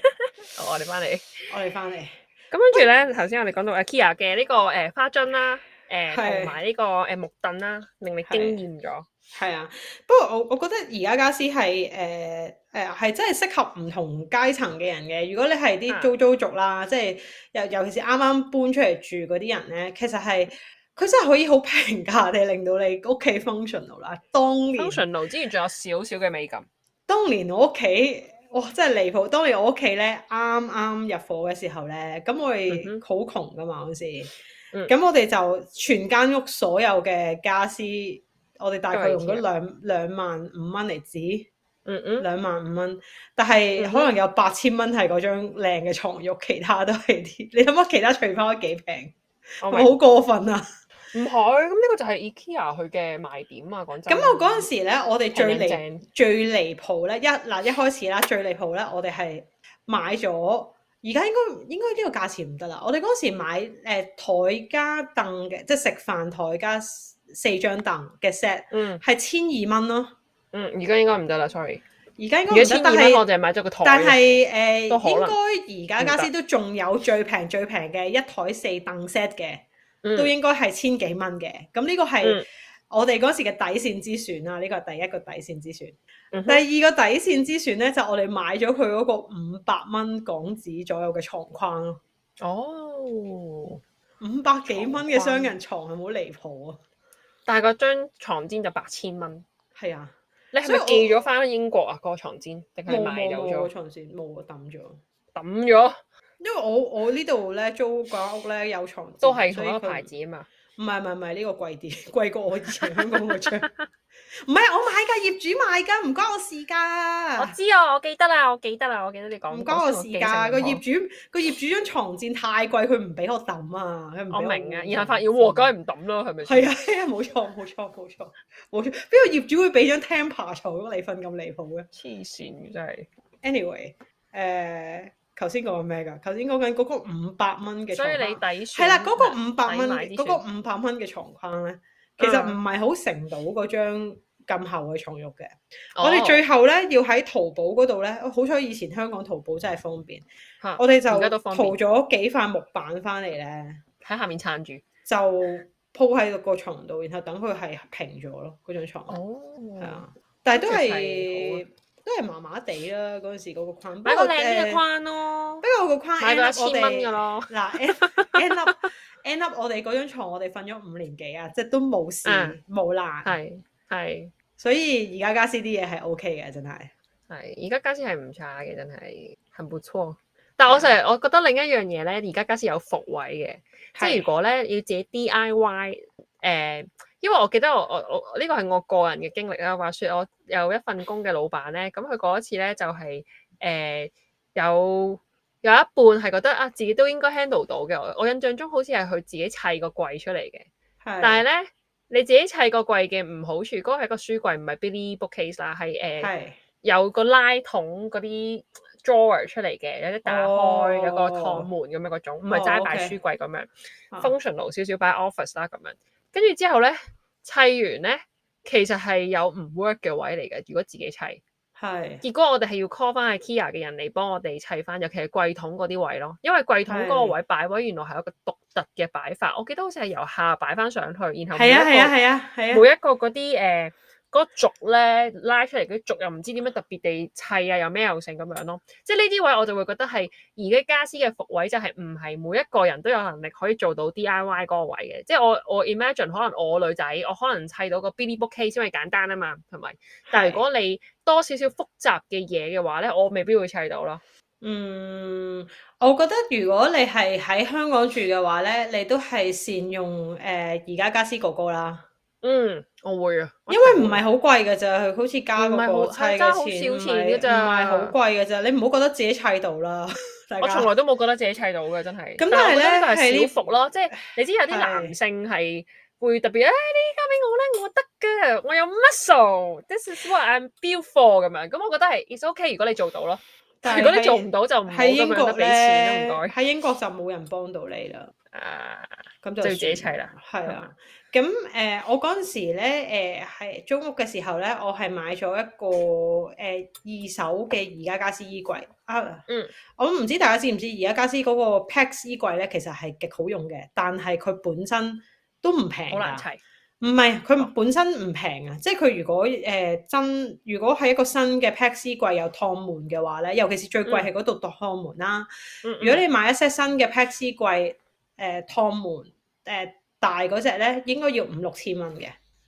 我哋翻嚟，我哋翻嚟。咁跟住咧，頭先、欸、我哋講到 IKEA 嘅呢個誒、呃、花樽啦、啊，誒同埋呢個誒木凳啦、啊，令你驚艷咗。係啊，不過我我覺得而家家私係誒誒係真係適合唔同階層嘅人嘅。如果你係啲租租族啦，嗯、即係尤尤其是啱啱搬出嚟住嗰啲人咧，其實係。佢真係可以好平價地令到你屋企 functional 啦。當年 functional 之前，仲有少少嘅美感。當年我屋企，哇，真係離譜！當年我屋企咧，啱啱入伙嘅時候咧，咁我哋好窮噶嘛好似。咁、mm hmm. 我哋就全間屋所有嘅家私，mm hmm. 我哋大概用咗兩兩萬五蚊嚟止，嗯嗯、mm，兩萬五蚊。但係可能有八千蚊係嗰張靚嘅床褥，其他都係啲。 你諗下其他廚房都幾平，我好、oh, 過分啊！Mm hmm. 唔係，咁呢個就係 IKEA 佢嘅賣點啊！講真，咁我嗰陣時咧，我哋最離最離譜咧，一嗱一開始啦，最離譜咧，我哋係買咗而家應該應該呢個價錢唔得啦！我哋嗰時買誒、呃、台加凳嘅，即係食飯台加四張凳嘅 set，嗯，係千二蚊咯。嗯，而家應該唔得啦，sorry。而家應該千二蚊，是我淨係買咗個台。但係誒，呃、應該而家家私都仲有最平最平嘅一台四凳 set 嘅。嗯、都應該係千幾蚊嘅，咁、嗯、呢個係我哋嗰時嘅底線之選啦。呢、呢個係第一個底線之選，嗯、哼第二個底線之選咧就是、我哋買咗佢嗰個五百蚊港紙左右嘅床框咯。哦，五百幾蚊嘅雙人床係好離譜啊！床但係嗰張牀墊就八千蚊。係啊，你係咪寄咗翻英國啊？嗰個床墊定係買咗？冇，冇，冇，冇，冇，抌咗。抌咗。因為我我呢度咧租間屋咧有床墊都係嗰個牌子啊嘛。唔係唔係唔係呢個貴啲，貴過我以前香港個床。唔係 我買噶，業主買噶，唔關我事噶。 我知啊，我記得啦，我記得啦，我記得你講。唔關我事噶，個、啊、業主個業主張床墊太貴，佢唔俾我抌啊。佢唔我，、啊、我明啊，然、啊、後發現梗係唔抌啦，係咪？係啊，冇錯冇錯冇錯冇錯，邊個 業主會俾張 Tempur 床你瞓咁離譜嘅？黐線真係。Anyway，誒、呃。頭先講緊咩㗎？頭先講緊嗰個五百蚊嘅，所以你抵算。係啦，嗰、嗰個五百蚊，嗰個五百蚊嘅床框咧，其實唔係好成到嗰張咁厚嘅床褥嘅。嗯、我哋最後咧要喺淘寶嗰度咧，好彩以前香港淘寶真係方便。哈我哋就淘咗幾塊木板翻嚟咧，喺下面撐住，就鋪喺個床度，然後等佢係平咗咯，嗰張牀。哦、嗯。係啊、嗯，但係都係。嗯都係麻麻地啦，嗰陣時嗰個框，不過靚嘅框咯。不過 個框，買一千蚊嘅咯。嗱，End up，End up，我哋嗰張牀我哋瞓咗五年幾啊，即係都冇事冇爛。係係，所以而家傢俬啲嘢係 OK 嘅，真係。係，而家傢俬係唔差嘅，真係，很不錯。但係我成日是我覺得另一樣嘢咧，而家傢俬有復位嘅，是是即係如果咧要自己 DIY，誒。Uh, 因為我記得我我我呢個係我個人嘅經歷啦。話說我有一份工嘅老闆咧，咁佢嗰一次咧就係、是、誒、呃、有有一半係覺得啊自己都應該 handle 到嘅。我印象中好似係佢自己砌個櫃出嚟嘅。是但係咧你自己砌個櫃嘅唔好處，嗰、那個係個書櫃唔係 Billy Bookcase 啦，係誒、呃、是有個拉桶嗰啲 drawer 出嚟嘅，有啲打開、哦、有個趟門咁樣嗰種，唔係齋擺書櫃咁樣 functional 少少擺 office 啦咁樣。跟住之後咧砌完咧，其實係有唔 work 嘅位嚟嘅。如果自己砌，係是結果我哋係要 call 翻 IKEA 嘅人嚟幫我哋砌翻，尤其係櫃桶嗰啲位咯。因為櫃桶嗰個位是擺位原來係一個獨特嘅擺法，我記得好似係由下擺翻上去，然後係啊係啊係啊係啊，每一個嗰啲誒。嗰個軸咧，拉出嚟嗰啲軸又唔知點樣特別地砌啊，又咩又成咁樣咯。即係呢啲位我就會覺得係宜家家私嘅復位，就係唔係每一個人都有能力可以做到 DIY 嗰個位嘅。即係我我 imagine 可能我女仔我可能砌到個 Billy Bookcase 先係簡單啊嘛，係咪？但係如果你多少少複雜嘅嘢嘅話咧，我未必會砌到咯。worry. 嗯，我覺得如果你係喺香港住嘅話咧，你都係善用誒宜家家私哥哥啦。呃嗯，我會啊，因為唔係好貴噶咋，好似加嗰個加好少錢㗎咋。唔係好貴噶咋，你唔好覺得自己砌到啦。我從來都冇覺得自己砌到嘅，真係。咁但係咧係舒服咯，即係你知有啲男性係會特別誒，你交俾我咧，我得嘅，我有 muscle，this is what I'm built for 咁樣。咁我覺得係，it's okay 如果你做到咯。但如果你做唔到就唔好咁樣得俾錢。唔該。喺英國就冇人幫到你啦。啊，咁就自己砌啦。係啊。咁誒、呃，我嗰陣時咧，誒係租屋嘅時候咧，我係買咗一個誒、呃、二手嘅宜家家私衣櫃啊。嗯，我唔知大家知唔知宜家家私嗰個 PAX 衣櫃咧，其實係極好用嘅，但係佢本身都唔平，好難砌。唔係佢本身唔平啊，哦、即係佢如果誒新、呃，如果係一個新嘅 PAX 衣櫃有趟門嘅話咧，尤其是最貴係嗰度度趟門啦、啊。嗯嗯嗯、如果你買一些新嘅 PAX 衣櫃誒趟門誒。呃呃呃呃呃大嗰隻咧應該要五六千蚊嘅，6，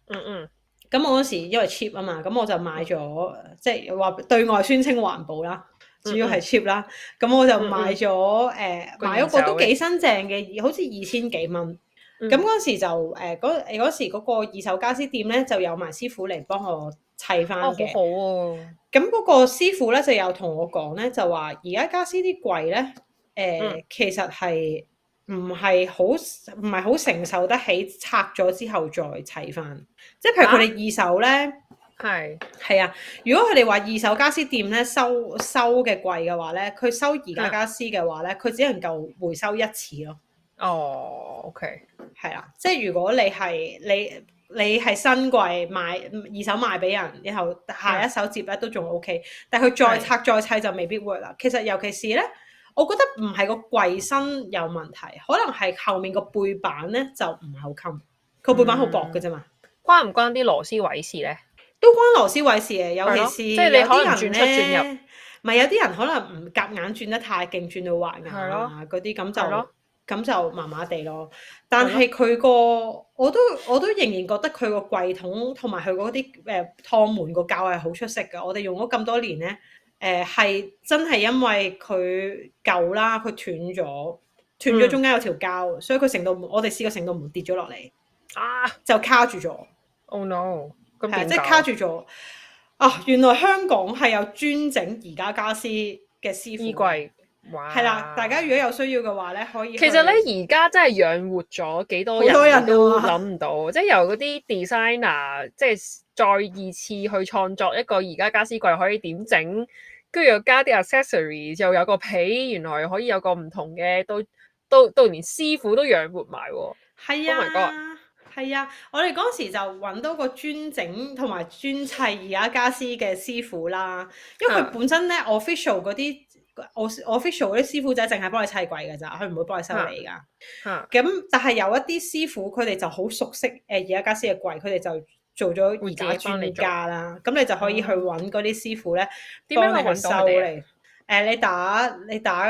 嗯嗯。咁我嗰時因為 cheap 啊嘛，咁我就買咗，即係話對外宣稱環保啦，嗯嗯，主要係 cheap 啦。咁我就買咗誒、嗯嗯呃，買咗個都幾新淨嘅，好似二千幾蚊。咁嗰、嗯、時就誒嗰嗰時嗰個二手傢俬店咧就有埋師傅嚟幫我砌翻嘅。好好喎、啊。咁嗰個師傅咧就有同我講咧，就話而家傢俬啲櫃咧，誒、呃嗯、其實係。唔係好唔係好承受得起拆咗之後再砌翻，即係譬如佢哋二手咧，係係啊，啊。如果佢哋話二手家私店咧收收嘅櫃嘅話咧，佢收宜家家私嘅話咧，佢只能夠回收一次咯。哦，OK，係啦、啊。即係如果你係你你係新櫃賣二手賣俾人，然後下一手接咧是都仲 OK，但係佢再拆再砌就未必會啦。是其實尤其是咧。我覺得唔係個櫃身有問題，可能係後面個背板咧就唔係好襟，個背板好薄嘅啫嘛。關唔關啲螺絲位事咧？都關螺絲位事嘅，尤其是，是即係你可能轉出轉入，有啲人咧，咪有啲人可能唔夾硬轉得太勁，轉到滑牙係嗰啲，咁就咁就麻麻地咯。但係佢個我都我都仍然覺得佢個櫃桶同埋佢嗰啲誒趟門個膠係好出色嘅。我哋用咗咁多年咧。誒係、呃、真係因為佢舊啦，佢斷咗，斷咗中間有條膠，嗯、所以佢成度，我哋試過成度門跌咗落嚟，啊，就卡住咗。Oh no！係即係卡住咗啊！原來香港係有專整宜家傢俬嘅師傅櫃。係啦，大家如果有需要嘅話咧，可以。其實咧，而家真係養活咗幾多人，多人都諗唔到，即係由嗰啲 designer，即係再二次去創作一個而家家私櫃可以點整，跟住又加啲 accessory，就有個皮，原來可以有個唔同嘅，到到到連師傅都養活埋。係啊，係、oh、啊，啊，我哋嗰時就搵到個專整同埋專砌而家家私嘅師傅啦，因為佢本身咧、啊、official 嗰啲。我我 official 嗰啲師傅仔淨係幫你砌櫃嘅咋，佢唔會幫你修理噶。咁但係有一啲師傅佢哋就好熟悉誒宜家家私嘅櫃，佢哋就做咗宜家專家啦。咁你就可以去揾嗰啲師傅咧，幫佢修理。誒，你打你打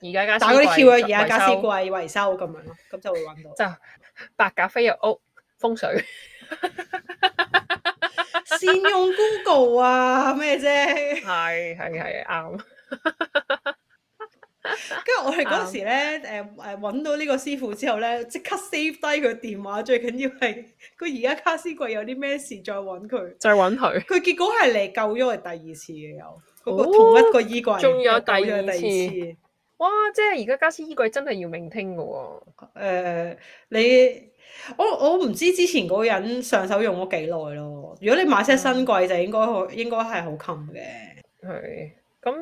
宜家傢俬，打嗰啲 keyword 宜家傢俬櫃維修咁樣咯，咁就會揾到。就白鴿飛入屋，風水。善用 Google 啊？咩啫？係係係，啱跟住 我哋嗰時咧，誒誒、嗯，揾、呃、到呢個師傅之後咧，即刻 save 低佢電話。最緊要係佢而家家私櫃有啲咩事，再揾佢。再揾佢，佢結果係嚟救咗，我第二次嘅有，嗰個、哦、同一個衣櫃，仲有第二次。二次哇！即係而家家私衣櫃真係要命聽噶喎、哦。誒、呃，你我我唔知之前嗰個人上手用咗幾耐咯。如果你買些新櫃就應該可，嗯、應該係好襟嘅。係。咁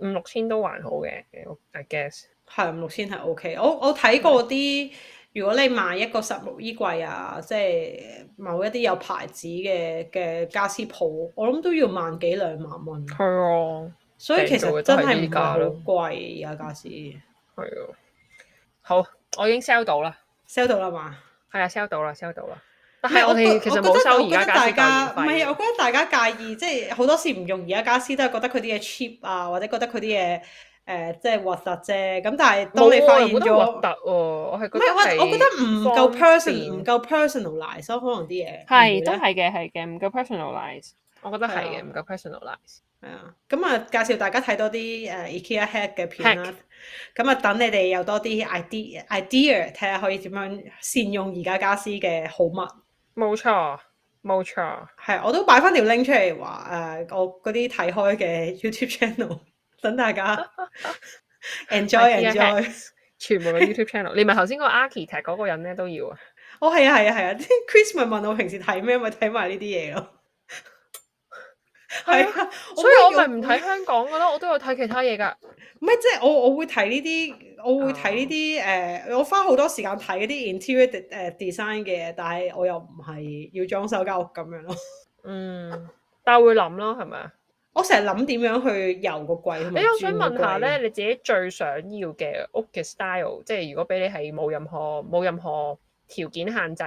五六千都還好嘅，我 I guess 係五六千係 OK。我我睇過啲，的如果你買一個實木衣櫃啊，即係某一啲有牌子嘅嘅家私鋪，我諗都要萬幾兩萬蚊。係啊的，所以其實真係唔假咯，貴啊家私。係啊，好，我已經 sell 到啦，sell 到啦嘛，係啊，sell 到啦，sell 到啦。唔係我覺得，我覺得大家唔係我覺得大家介意，即係好多時唔用而家家私，都係覺得佢啲嘢 cheap 啊，或者覺得佢啲嘢誒即係核突啫。咁但係當你發現咗核突喎，我係覺得唔夠 personal，唔夠 personalize，所以可能啲嘢係都係嘅，係嘅，唔夠 personalize。我覺得係嘅，唔夠 personalize。係啊，咁啊，介紹大家睇多啲誒 IKEA Head 嘅片啦。咁啊，等你哋有多啲 idea idea 睇下可以點樣善用而家家私嘅好物。冇錯，冇錯，係我都擺翻條 link 出嚟，話誒，我嗰啲睇開嘅 YouTube channel，等大家 enjoy enjoy，全部嘅 YouTube channel，連埋頭先個 architect 嗰個人咧都要啊。哦，係啊係啊係啊，Chris 問我平時睇咩咪睇埋呢啲嘢咯。係啊，覺所以我咪唔睇香港噶咯， 我都有睇其他嘢噶。唔係，即係我我會睇呢啲，我會睇呢啲誒，我花好多時間睇嗰啲 interior 誒 design 嘅，但係我又唔係要裝修間屋咁樣咯。 嗯，但係會諗咯，係咪啊？我成日諗點樣去游個櫃。你又想問下咧，你自己最想要嘅屋嘅 style，即係如果俾你係冇任何冇任何條件限制，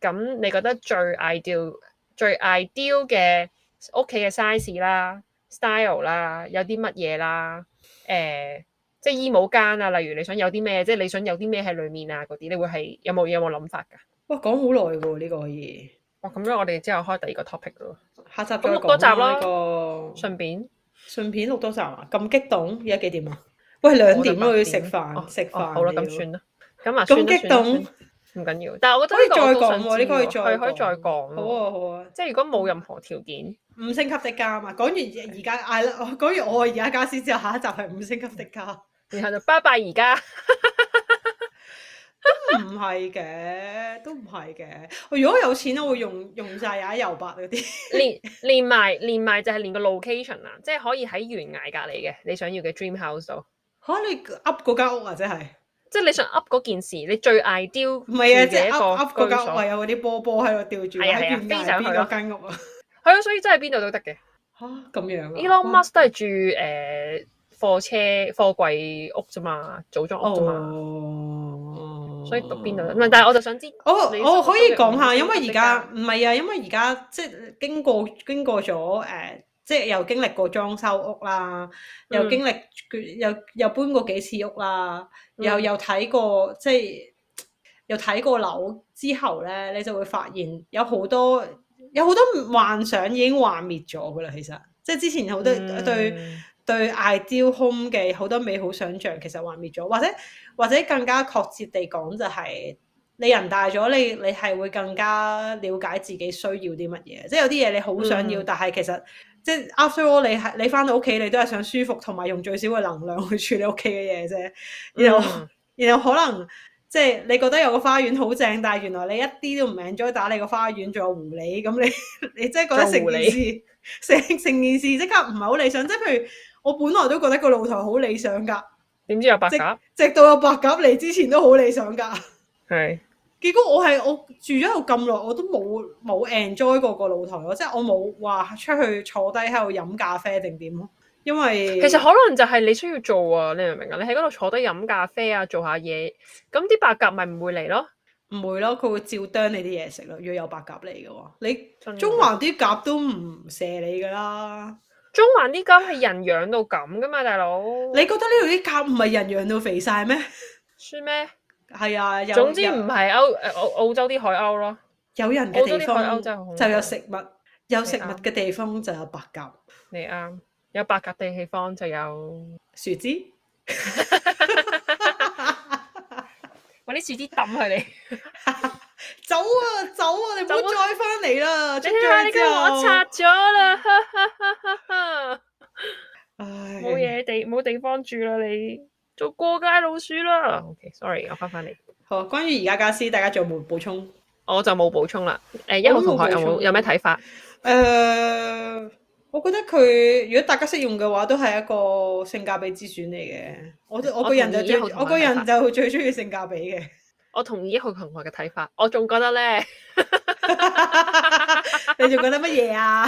咁你覺得最 ideal 最 ideal 嘅？屋企嘅 size 啦，style 啦，有啲乜嘢啦？誒，即係衣帽間啊，例如你想有啲咩，即係你想有啲咩喺裏面啊，嗰啲你會係有冇有冇諗法噶？哇，講好耐喎，呢個可以。哦，咁樣我哋之後開第二個 topic 咯。下集咁錄多集啦。順便順便錄多集啊？咁激動？而家幾點啊？喂，兩點我要食飯食飯。好啦，咁算啦。咁啊，咁激動？唔緊要。但係我覺得可以再講，我都想知。佢可以再講。好啊好啊。即係如果冇任何條件。五星級的家啊嘛，講完而家嗌啦，講完我而家家私之後，下一集係五星級的家，然後就拜拜而家。唔係嘅，都唔係嘅。如果有錢，都會用用曬而家遊八嗰啲。連連埋連埋就係連個 location 啊，即係可以喺懸崖隔離嘅你想要嘅 dream house 度。嚇、啊、你 up 嗰間屋或者係即係你想 up 嗰件事，你最 ideal。唔係啊，即係 up u 屋係有嗰啲波波喺度吊住喺邊度邊個間屋啊？沿所以真係邊度都得嘅嚇。咁、啊、樣、啊、Elon Musk 都係住誒、呃、貨車貨櫃屋啫嘛，組裝屋啫嘛、oh. 嗯。所以讀邊度？唔係，但係我就想知。哦、oh，oh, 我可以講下，因為而家唔係啊，因為而家即係經過經過咗誒、呃，即係又經歷過裝修屋啦，又經歷、mm. 又又搬過幾次屋啦，mm. 又又睇過即係又睇過樓之後咧，你就會發現有好多。有好多幻想已經幻滅咗噶啦，其實即係之前好多對、嗯、對，對 ideal home 嘅好多美好想像，其實幻滅咗。或者或者更加確切地講、就係，就係你人大咗，你你係會更加了解自己需要啲乜嘢。即係有啲嘢你好想要，嗯、但係其實即係 after all，你係你翻到屋企，你都係想舒服，同埋用最少嘅能量去處理屋企嘅嘢啫。然後、嗯、然後可能。即係你覺得有個花園好正，但係原來你一啲都唔 enjoy 打理你個花園做狐狸，咁你你真係覺得成件事成成件事即刻唔係好理想。即係譬如我本來都覺得個露台好理想噶，點知有白鴿，直，直到有白鴿嚟之前都好理想噶。係的，結果我係我住咗度咁耐，我都冇冇 enjoy 過個露台，我即係我冇話出去坐低喺度飲咖啡定點咯。因為其實可能就係你需要做啊，你明唔明啊？你喺嗰度坐低飲咖啡啊，做下嘢，咁啲白鴿咪唔會嚟咯，唔會咯，佢會照啄你啲嘢食咯。如果有白鴿嚟嘅話，你中環啲鴿都唔射你噶啦。中環啲鴿係人養到咁噶嘛，大佬。你覺得呢度啲鴿唔係人養到肥晒咩？算咩嗎？係 啊，總之唔係歐澳洲啲海鷗咯。有人嘅地方澳洲海就有食物，有食物嘅地方就有白鴿。你啱。有白鴿嘅地方就有樹枝，搵啲樹枝抌佢你，走啊走啊，你唔好再翻嚟啦！你看 出咗之後你你我拆咗啦，冇嘢唉地冇地方住啦，你做過街老鼠啦。OK，sorry，、okay, 我翻翻嚟。好，關於而家家私，大家仲有冇補充？我就冇補充啦。誒、呃，一號同學有冇有咩睇法？誒、uh。我覺得佢如果大家識用嘅話，都係一個性價比之選嚟嘅。我我個人就最我，我個人就最中意性價比嘅。我同意一號同學嘅睇法，我仲覺得咧， 你仲覺得乜嘢啊？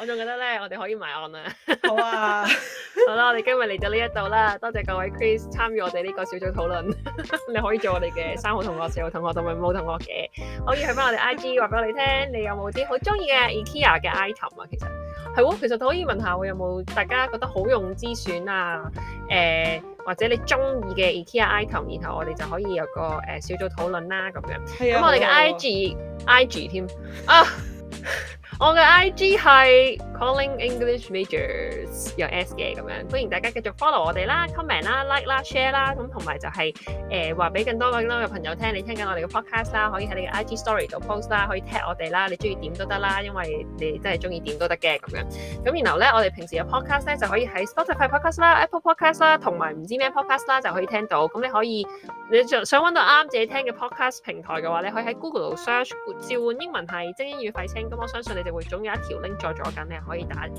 我仲覺得咧，我哋可以埋案啊。好啊， 好啦，我哋今日嚟到呢一度啦，多謝各位 Chris 參與我哋呢個小組討論。 你可以做我哋嘅三號同學、 四號同學同埋五號同學嘅，可以去翻我哋 I G 話俾我哋聽，你有冇啲好中意嘅 IKEA 嘅 item 啊？其實。係喎，其實都可以問下我有冇大家覺得好用之選啊？誒、呃，或者你中意嘅 IKEA item，然後我哋就可以有個誒、呃、小組討論啦咁樣。咁我哋嘅 IG IG 添啊！ 我嘅 IG 係 Calling English Majors 有 S 嘅咁樣。歡迎大家繼續 follow 我哋啦，comment 啦，like 啦，share 啦，咁同埋就係誒話俾更多更多嘅朋友聽，你聽緊我哋嘅 podcast 啦，可以喺你嘅 IG story 度 post 啦，可以 tap 我哋啦，你中意點都得啦，因為你真係中意點都得嘅咁樣。咁然後咧，我哋平時嘅 podcast 咧就可以喺 Spotify podcast 啦、Apple podcast 啦、同埋唔知咩 podcast 啦就可以聽到。咁你可以你想揾到啱自己聽嘅 podcast 平台嘅話，你可以喺 Google 度 search 召喚英文系精英語廢青。咁我相信。你哋會總有一條 link 喺左近，你可以打，誒，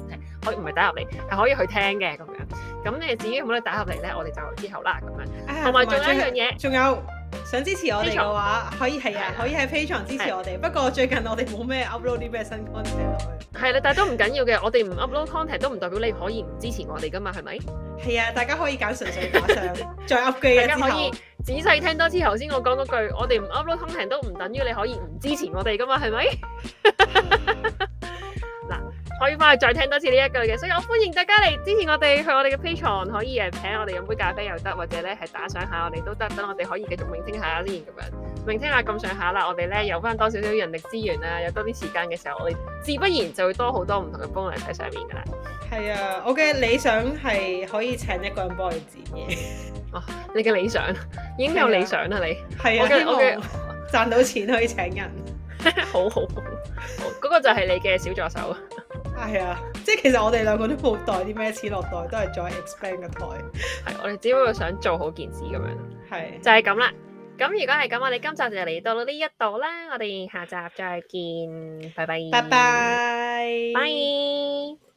可以唔係打入嚟，係可以去聽嘅咁樣。咁你至於有冇得打入嚟咧，我哋就之後啦咁樣。同埋仲有一樣嘢，仲有想支持我哋嘅話，可以係啊，可以喺 Patreon 支持我哋。不過最近我哋冇咩 upload 啲咩新 content 落去。係啦，但係都唔緊要嘅，我哋唔 upload content 都唔代表你可以唔支持我哋噶嘛，係咪？係啊，大家可以搞純粹打賞，再 upload 嘅之後。仔細聽多次頭先我講嗰句，我哋唔 upload 空屏都唔等於你可以唔支持我哋㗎嘛，係咪？ 可以翻去再聽多次呢一句嘅，所以我歡迎大家嚟支持我哋，去我哋嘅，Patreon 可以誒請我哋飲杯咖啡又得，或者咧係打賞下我哋都得，等我哋可以繼續明聽下先咁樣，明聽下咁上下啦，我哋咧有翻多少少人力資源啦，有多啲時間嘅時候，我哋自不然就會多好多唔同嘅功能喺上面噶啦。係啊，我嘅理想係可以請一個人幫你剪嘢。哦、 啊，你嘅理想已經有理想啦，你係啊，我嘅賺到錢可以請人， 好好。嗰個就係你嘅小助手。係啊、 哎，即係其實我哋兩個都冇袋啲咩錢落袋，都係再 expand 嘅台。係， 我哋只不過想做好件事咁樣。係是。就係咁啦。咁如果係咁，我哋今集就嚟到呢一度啦。我哋下集再見。拜拜。拜拜 bye。Bye Bye